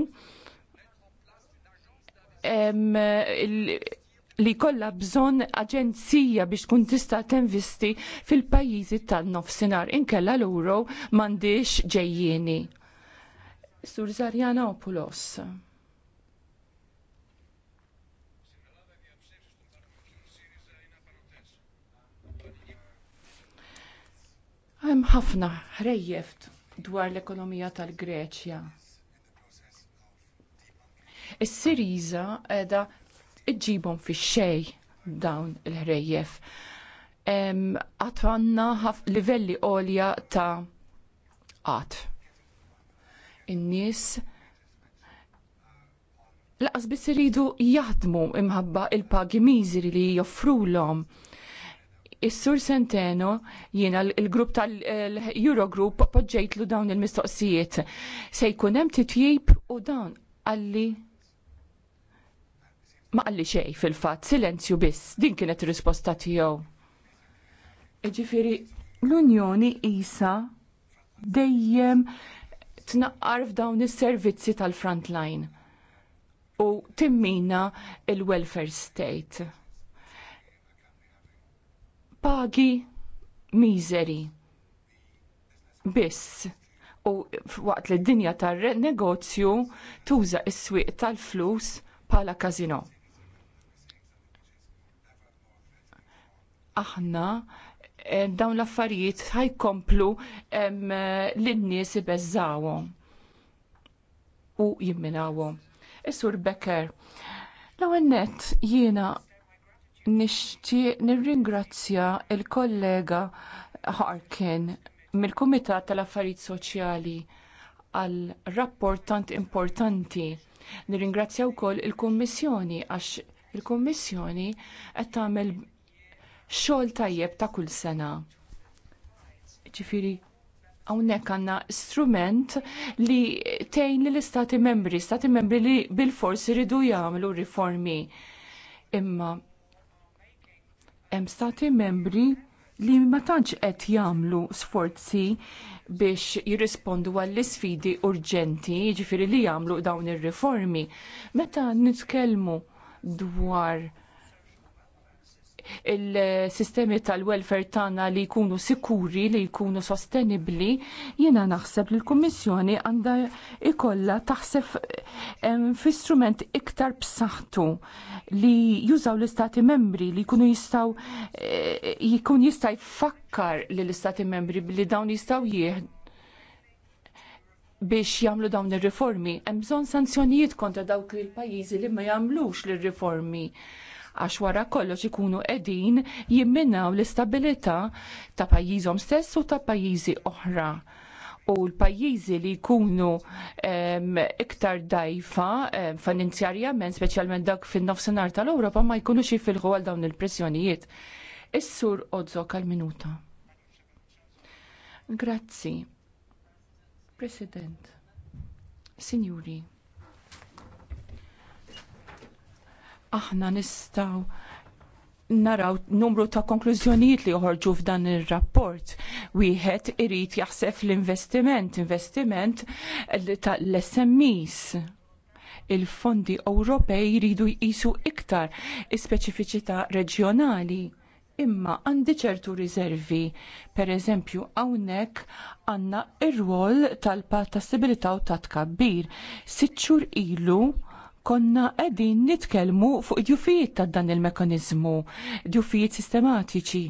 li kolla bżonn aġenzija biex tkun tista' tinvesti fil-pajjiżi tan-nofsinhar inkella l uro m'għandix ġejjieni. Sur Zarjanopoulos. Hemm ħafna ħrejjeft dwar l-ekonomija tal-Greċja. Is-Siriza edha iġibhom fi xej dawn il-ħrejjef. Għatwanna livelli għolja ta' għat. In-nies laqas biss iridu jaħdmu imħabba il-pagi miżri li joffrulhom. Is-sur Centeno jiena l-grupp tal-Eurogroup poġġejtlu dawn il-mistoqsijiet. Se jkun hemm titjib u dawn għalli ma qalli xej fil-fatt, silenzju biss, din kienet ir-risposta tiegħu. Ġifieri l-Unjoni isa dejjem tnaqqar f'dawn is-servizzi tal-frontline u timmina il-welfare state pagi miżeri. Biss u waqt li d-dinja tar-negozju tuża s-swieq tal-flus bħala kazino. Aħna eh, dawn l-affarijiet ħajkomplu eh, l-nies ibeżżawhom u jimminawhom. Is-sur Becker, l-ewwel nett jiena Nixtieq nirringrazzja l kollega Harkin mill-Kumitat tal-Affarijiet Soċjali għal rapport tant importanti. Nirringrazzja wkoll il-Kummissjoni għax il-Kummissjoni qed tagħmel xogħol tajjeb ta' kull sena. Ġifieri hawnhekk għandna strument li tgħin lill istati membri, stati membri li bil iridu jagħmlu riformi. Imma hemm stati membri li ma tantx qed jagħmlu sforzi biex jirrispondu għall isfidi urġenti, jiġifieri li jagħmlu dawn ir-riformi. Meta nitkellmu dwar il-sistemi tal-welfare tagħna li jkunu sikuri, li jkunu sostenibbli, jiena naħseb li l-Kummissjoni għandha ikollha taħseb fi strument iktar b'saħħtu li jużaw l-istati membri li jkunu jistgħu eh, jkun jista' jfakkar lill istati membri li dawn jistgħu jieħdu biex jagħmlu dawn ir-riformi, hemm bżonn sanzjonijiet kontra dawk il-pajjiżi li ma jagħmlux l-riformi għax wara kollox ikunu qegħdin jimminaw l-istabilità ta' pajjiżhom stess u ta' pajjiżi oħra u l-pajjiżi li jkunu iktar dajfa finanzjarjament, speċjalment dak fin-nofsinhar tal-Ewropa ma jkunux jifilħu għal dawn il-pressjonijiet. Is-sur Ozok għal-minuta. Grazzi. President. Signori. aħna nistaw naraw numru ta' konklużjonijiet li joħorġu f'dan ir-rapport. Wieħed irid jaħseb l-investiment, investiment tal-SMEs il-fondi Ewropej jridu jqisu iktar is-speċifiċità reġjonali imma għandi ċertu riservi. Per eżempju, hawnhekk għandna ir-rwol tal ta' stabilità u ta' tkabbir. Sitt xhur ilu konna qegħdin nitkellmu fuq djufijiet ta' dan il-mekanizmu, djufijiet sistematiċi.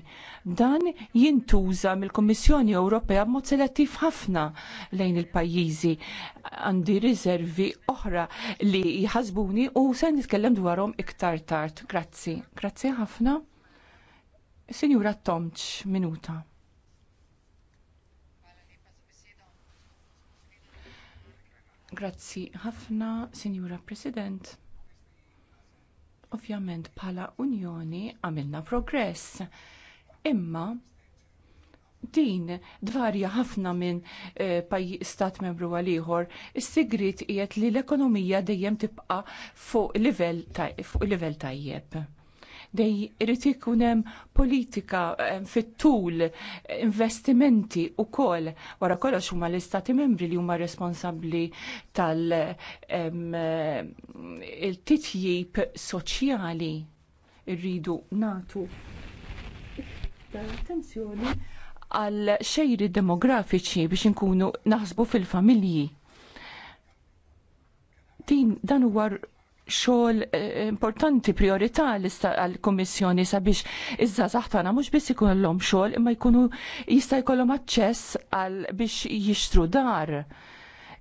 Dan jintuża mill-Kummissjoni Ewropea b'mod selettiv ħafna lejn il-pajjiżi. Għandi riservi oħra li jħasbuni u se nitkellem dwarhom iktar tard. Grazzi. Grazzi ħafna. Sinjura Tomċ, minuta. Grazzi ħafna, Sinjura President. Ovvjament bħala Unjoni għamilna progress. Imma din dvarja ħafna minn eh, stat membru għal ieħor, is-sigrit qiegħed li l-ekonomija dejjem tibqa' fuq livell tajjeb dej irrit ikun hemm politika fit-tul, investimenti wkoll wara kollox huma l-istati membri li huma responsabbli tal titjib soċjali rridu natu attenzjoni għal xejri demografiċi biex inkunu naħsbu fil-familji. Din dan huwa xogħol eh, importanti priorità għall-Kummissjoni sabiex iż-żazax tagħna mhux biss ikollhom xogħol imma jkunu jista' jkollhom aċċess għal biex jixtru dar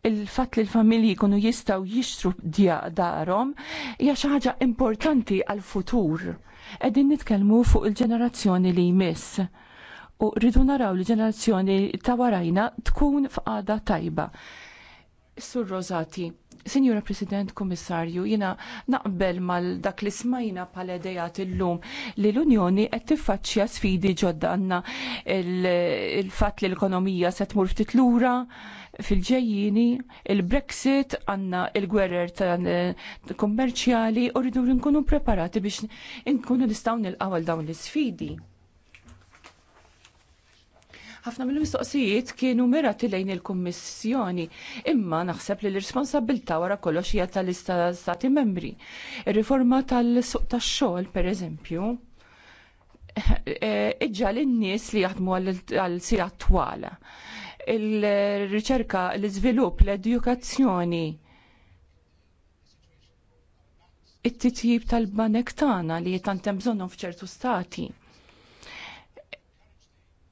il-fatt li l-familji jkunu jistaw jixtru darhom hija xi ħaġa importanti għal-futur. Qegħdin nitkellmu fuq il-ġenerazzjoni li jmiss u rridu naraw li ġenerazzjoni ta' warajna tkun f'qada tajba. Sur Rosati, Signora President, Komissarju, jina naqbel mal dak li smajna pal idejat illum li l-Unjoni qed tiffaċċja sfidi ġodda għandna il-fatt li l-ekonomija se tmur ftit lura fil-ġejjini, il-Brexit għandna il-gwerer ta' eh, kommerċjali u rridu nkunu preparati biex nkunu nistgħu nilqgħu għal dawn l-isfidi ħafna mill-mistoqsijiet kienu mirati lejn il-Kummissjoni, imma naħseb li l-responsabilta wara kollox hija tal-Istati membri. Ir-riforma tal-suq tax-xogħol, pereżempju, e, iġġa l-nies li jaħdmu għal sira twal. Il-riċerka, l-iżvilupp, l-edukazzjoni, it-titjib tal-banek tagħna li tant bżonnhom f'ċertu stati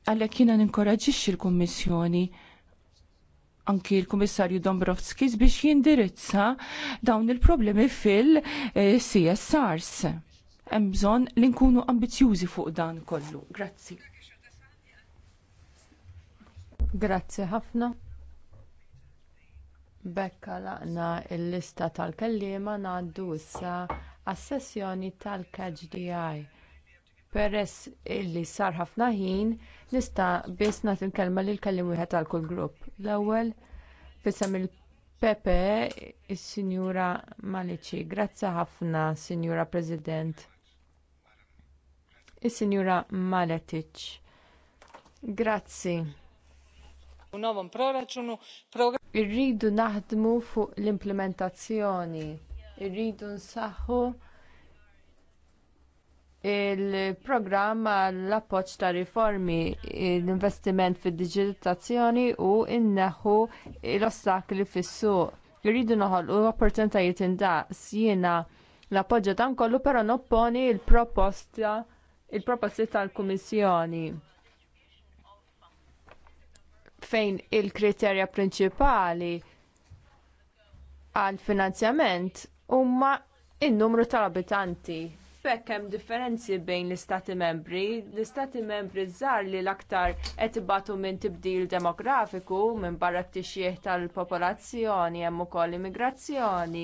Għalhekk jiena ninkoraġixxi l-Kummissjoni anki l-Kummissarju Dombrovskis biex jindirizza dawn il-problemi fil-CSRs. Hemm bżonn li nkunu ambizjużi fuq dan kollu. Grazzi. Grazzi ħafna. Bekka laqna il lista tal-kellima ngħaddu issa għas-sessjoni tal-KGDI peress li sar ħafna ħin nista' biss nagħti l-kelma lil kelliem wieħed għal kull grupp. L-ewwel fisem il-Pepe is-Sinjura Malici. Grazzi ħafna, Sinjura President. Is-Sinjura Maletic. Grazzi. Irridu naħdmu fuq l-implementazzjoni. Irridu nsaħħu il-programm għall appoġġ ta' riformi, l-investiment fid diġitazzjoni u nneħħu l-ostakli fis-suq. Irridu noħolqu opportunitajiet indaqs jiena l appoġġa dan kollu però nopponi l proposta il-proposti tal-Kummissjoni fejn il-kriterja prinċipali għall finanzjament huma n numru tal-abitanti Bekk hemm differenzi bejn l-istati membri, l-istati membri żar li l-aktar qed ibatu minn tibdil demografiku minn barra t-tixjih tal-popolazzjoni hemm ukoll immigrazzjoni.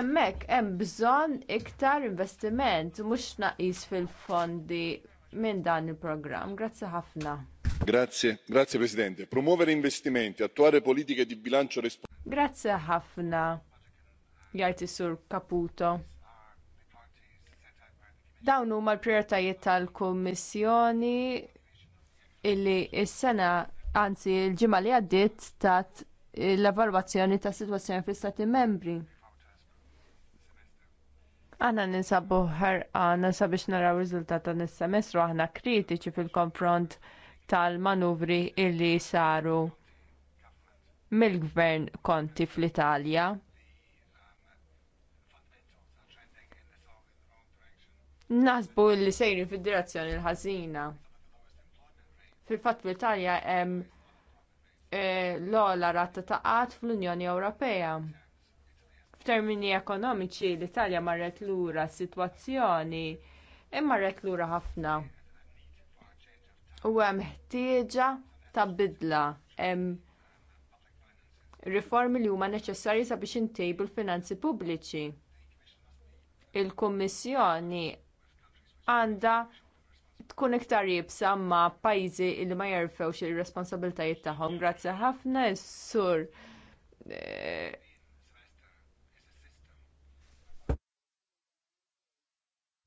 Hemmhekk hemm bżonn iktar investiment mhux tnaqqis fil-fondi minn dan il-programm. Grazzi ħafna. Grazie, grazie Presidente. Promuovere investimenti, attuare politiche di bilancio responsabile. Grazie ħafna jgħid is-sur Caputo. Dawn huma l-prijoritajiet tal-Kummissjoni illi s-sena anzi l-ġimgħa li għaddiet tat l-evalwazzjoni ta' sitwazzjoni fl-Istati membri. Aħna ninsabu ħarqana sabiex naraw riżultat ta' nis-semestru aħna kritiċi fil-konfront tal-manuvri illi saru mill-gvern Konti fl-Italja nasbu li sejrin fil direzzjoni l ħazina Fil-fatt fil italja hemm e, l-ola ratta ta' qatt fl-Unjoni Ewropea. F'termini ekonomiċi l-Italja marret lura s-sitwazzjoni imma marret lura ħafna. U hemm ħtieġa ta' bidla hemm riformi li huma neċessarji sabiex intejbu l-finanzi pubbliċi. Il-Kummissjoni għanda tkun iktar jibsa ma pajjiżi li ma jerfewx ir-responsabiltajiet tagħhom. Grazzi ħafna sur eh,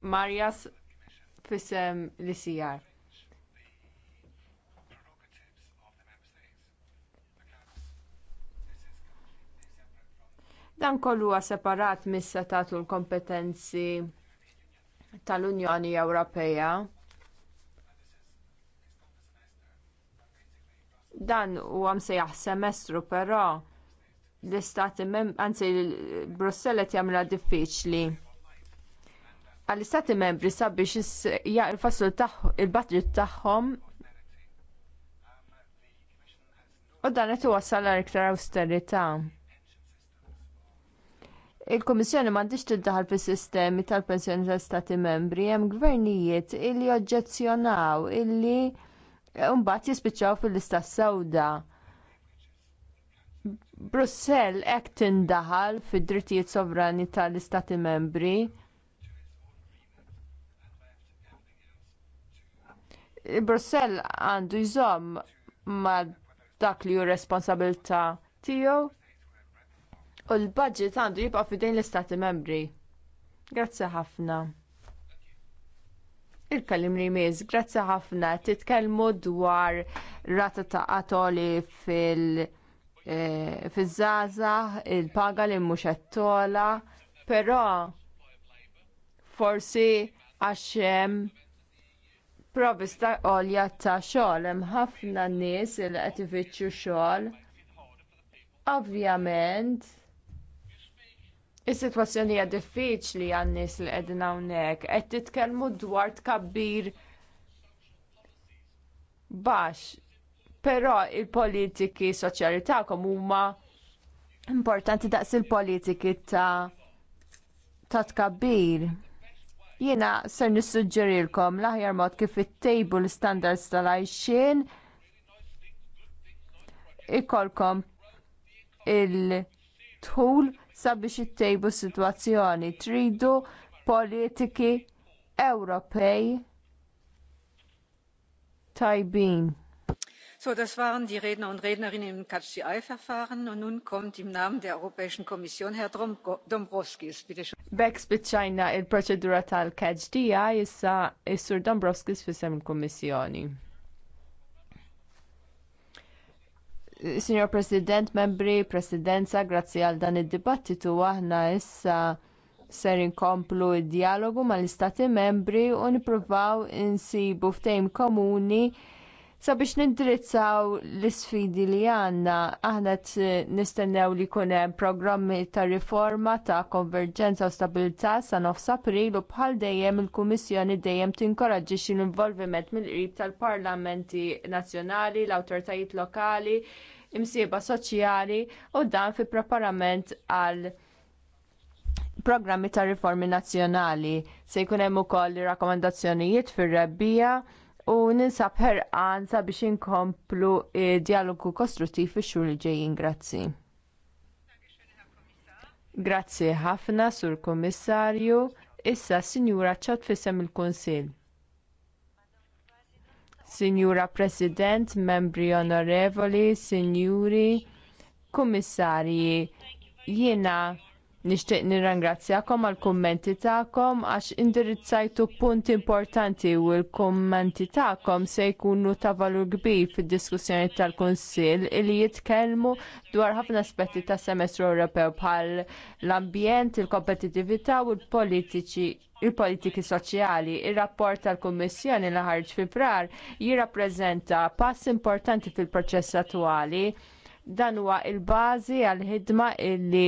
Marjas fisem li sijar. Dan kollu separat mis-setat u l-kompetenzi tal-Unjoni Ewropea. Dan huwa msejjaħ semestru però l-istati anzi qed jagħmilha diffiċli. Għall-istati membri sabiex il fasslu il-batġit tagħhom u dan qed iwassal iktar awsterità. Il-Komissjoni m'għandix tiddaħal fis-sistemi tal-pensjoni tal-Stati membri hemm gvernijiet illi oġġezzjonaw illi mbagħad jispiċċaw fil istess sewda. Brussell hekk tindaħal fid-drittijiet sovrani tal-Istati membri. Brussell għandu jżomm ma dak li hu responsabilta tiegħu u l-budget għandu jibqa' fidejn l-Istati Membri. Grazzi ħafna. Il-kallim li miz, grazzi ħafna, titkellmu dwar rata ta' atoli fil- eh, fil-żaza, il-paga li mhux tola, però forsi għax hemm provista olja ta' xogħol hemm ħafna nies il qed ifittxu xogħol. Ovvjament, Is-sitwazzjoni hija diffiċli għan-nies li qegħdin hawnhekk qed titkellmu dwar tkabbir baxx, però l politiki soċjali tagħkom huma importanti daqs il-politiki ta' ta' tkabbir. Jiena ser nissuġġerilkom l-aħjar mod kif ittejbu l-standards tal-għajxin ikolkom il-tħul sabiex ittejbu s-sitwazzjoni. Tridu politiki Ewropej tajbin. So, das waren die Redner und Rednerinnen im kci Verfahren und nun kommt im Namen der Europäischen Kommission Herr Dombrovskis, bitte schön. Bex spiċċajna il-proċedura tal-Catch the issa is-Sur Dombrovskis fissem il kommissioni Signor President, membri, Presidenza, grazzi għal dan id-dibattitu aħna issa ser inkomplu d dialogu mal-Istati membri u nippruvaw insibu ftejm komuni Sabiex nindirizzaw l-isfidi li għanna, aħna nistennew li kunem programmi ta' riforma ta' konverġenza u stabilità sa' nofs april u bħal dejjem il-Kummissjoni dejjem tinkoraġġi l-involviment mill-qrib tal-parlamenti nazzjonali, l-awtoritajiet lokali, imsieba soċjali u dan fi preparament għal programmi ta' riformi nazzjonali. Se jkun hemm ukoll rakkomandazzjonijiet fir-rebbija u ninsab ħerqan sabiex inkomplu dialogu kostruttiv fix-xhur ġejjin. Grazzi. Grazzi ħafna sur Kummissarju. Issa Sinjura ċat fissem il-Kunsill. Sinjura President, membri onorevoli, Sinjuri, Kummissarji, jiena Nixtieq nirrangrazzjakom għall kummenti tagħkom għax indirizzajtu punti importanti u l-kummenti tagħkom se jkunu ta' valur kbir fid-diskussjoni tal-Kunsill li jitkellmu dwar ħafna aspetti tas semestru Ewropew bħal l-ambjent, il-kompetitività u l-politiċi il-politiki soċjali, ir-rapport il kompetitività u l politiċi il politiki soċjali ir rapport tal kummissjoni li ħarġ fi frar jirrappreżenta pass importanti fil-proċess attwali. Dan huwa l bażi għall ħidma illi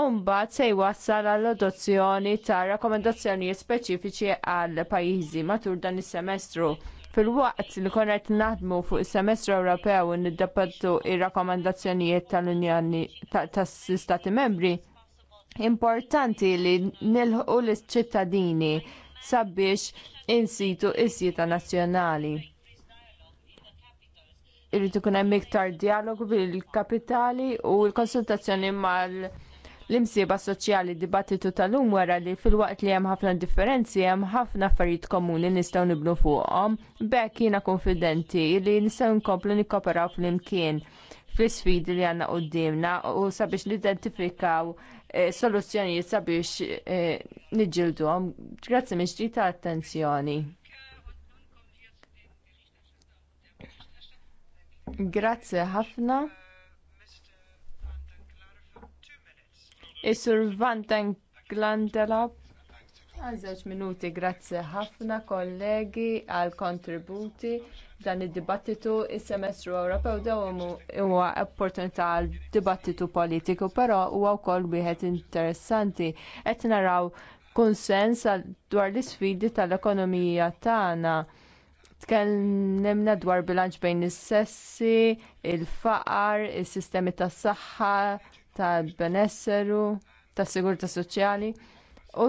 Umbat se jwassal għall adozzjoni ta' rakkomandazzjonijiet speċifiċi għal pajjiżi matul dan is-semestru. Fil-waqt li jkun qed naħdmu fuq is-semestru Ewropew u niddebattu ir-rakkomandazzjonijiet tal-Unjoni tas-Istati Membri, importanti li nilħu l-ċittadini sabiex insitu is-sjita nazzjonali irrid ikun hemm iktar dialogu bil-kapitali u l-konsultazzjoni mal- L-imsieba soċjali dibattitu tal-lum wara li fil-waqt li hemm ħafna differenzi hemm ħafna affarijiet komuni nistgħu nibnu fuqhom. Bekk jiena konfidenti li nistgħu nkomplu nikkoperaw flimkien fl sfidi li għandna quddiemna u sabiex nidentifikaw eh, soluzzjonijiet sabiex eh, niġġilduhom. Grazzi minn ġdid ta' attenzjoni. Grazzi ħafna. Is-Sur Vantan Glandelab. Għal żewġ minuti, grazzi ħafna kollegi għal kontributi dan id-dibattitu il semestru Ewropew da huwa opportunità għal dibattitu politiku, però huwa wkoll wieħed interessanti. Qed naraw konsens dwar l-isfidi tal-ekonomija tagħna. Tkellimna dwar bilanċ bejn is-sessi, il-faqar, is-sistemi tas-saħħa, tal-benesseru, tas-sigurtà soċjali u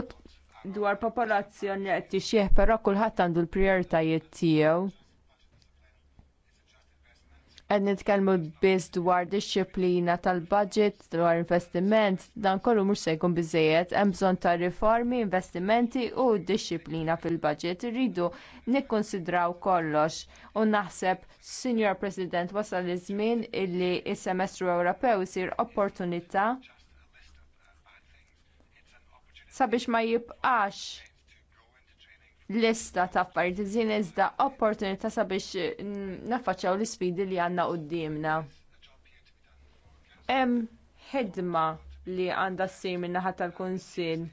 dwar popolazzjoni qed tixjih però kulħadd għandu l-prijoritajiet tiegħu qed nitkellmu biss dwar disċiplina tal-budget, dwar investiment, dan kollu mhux se jkun biżżejjed. hemm bżonn ta' riformi, investimenti u disċiplina fil-budget. Irridu nikkonsidraw kollox u naħseb, Sinjor President, wasal iż-żmien illi is-semestru Ewropew isir opportunità sabiex ma jibqax lista ta' partizin iżda opportunità sabiex mm, naffaċċaw l isfidi li għandna qudiemna. Hemm ħidma li għandha ssir min-naħa tal-Kunsill.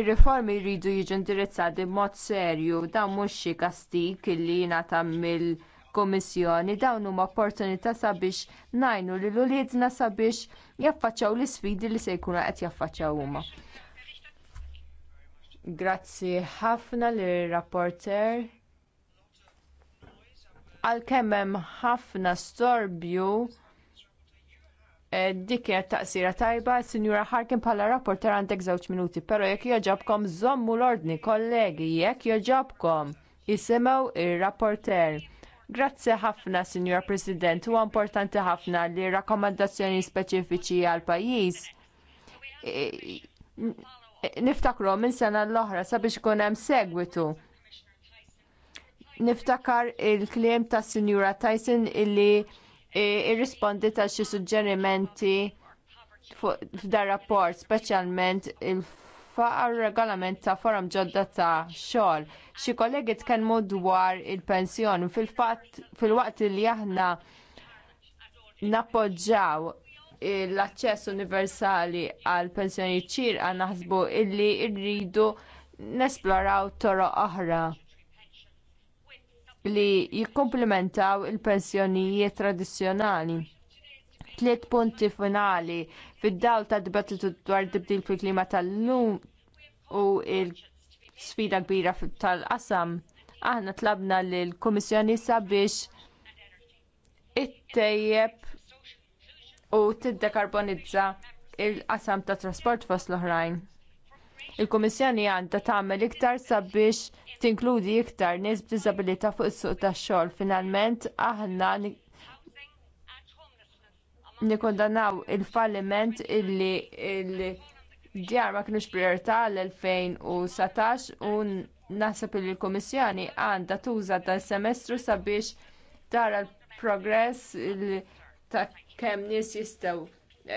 Ir-riformi jridu jiġu indirizzati b'mod serju dawn mhux xi kastik li jingħata mill kummissjoni dawn huma opportunità sabiex ngħinu lil uliedna sabiex jaffaċċjaw l-isfidi li se jkunu qed jaffaċċjaw huma. Grazzi ħafna lir rapporter Għalkemm hemm ħafna storbju eh, dik kienet taqsira tajba, Sinjura Harkin bħala rapporter għandek żewġ minuti, però jekk joġobkom żommu l-ordni, kollegi, jekk joġobkom isimgħu ir-rapporter. Grazzi ħafna, Sinjur President, huwa importanti ħafna li rakkomandazzjoni speċifiċi għal pajjiż eh, niftakru minn sena l-oħra sabiex ikun hemm segwitu niftakar il-kliem ta' Sinjura Tyson illi e, irrispondi ta' xi suġġerimenti f'dar rapport, speċjalment il-faqar regolament ta' forum ġodda ta' xogħol. Xi kollegi tkellmu dwar il-pensjon fil-fatt fil-waqt li aħna nappoġġaw l-aċċess universali għal pensjoni ċirqa naħsbu illi rridu nesploraw toroq oħra li jikkomplementaw il-pensjonijiet tradizzjonali. Tliet punti finali fid-dawl ta' dibattitu dwar tibdil fil-klima tal-lum u l-sfida kbira tal-qasam aħna tlabna lill-Kummissjoni sabiex ittejjeb u tiddekarbonizza l qasam tat trasport fost l-oħrajn. Il-Kummissjoni għandha tagħmel iktar sabiex tinkludi iktar nies b'diżabilità fuq is-suq tax-xogħol. Finalment aħna nikkondannaw il-falliment illi il-djar ma kienux priorità l-2017 u nasab li l-Kummissjoni għandha tuża dan semestru sabiex tara l-progress il- ta' kemm nies jistgħu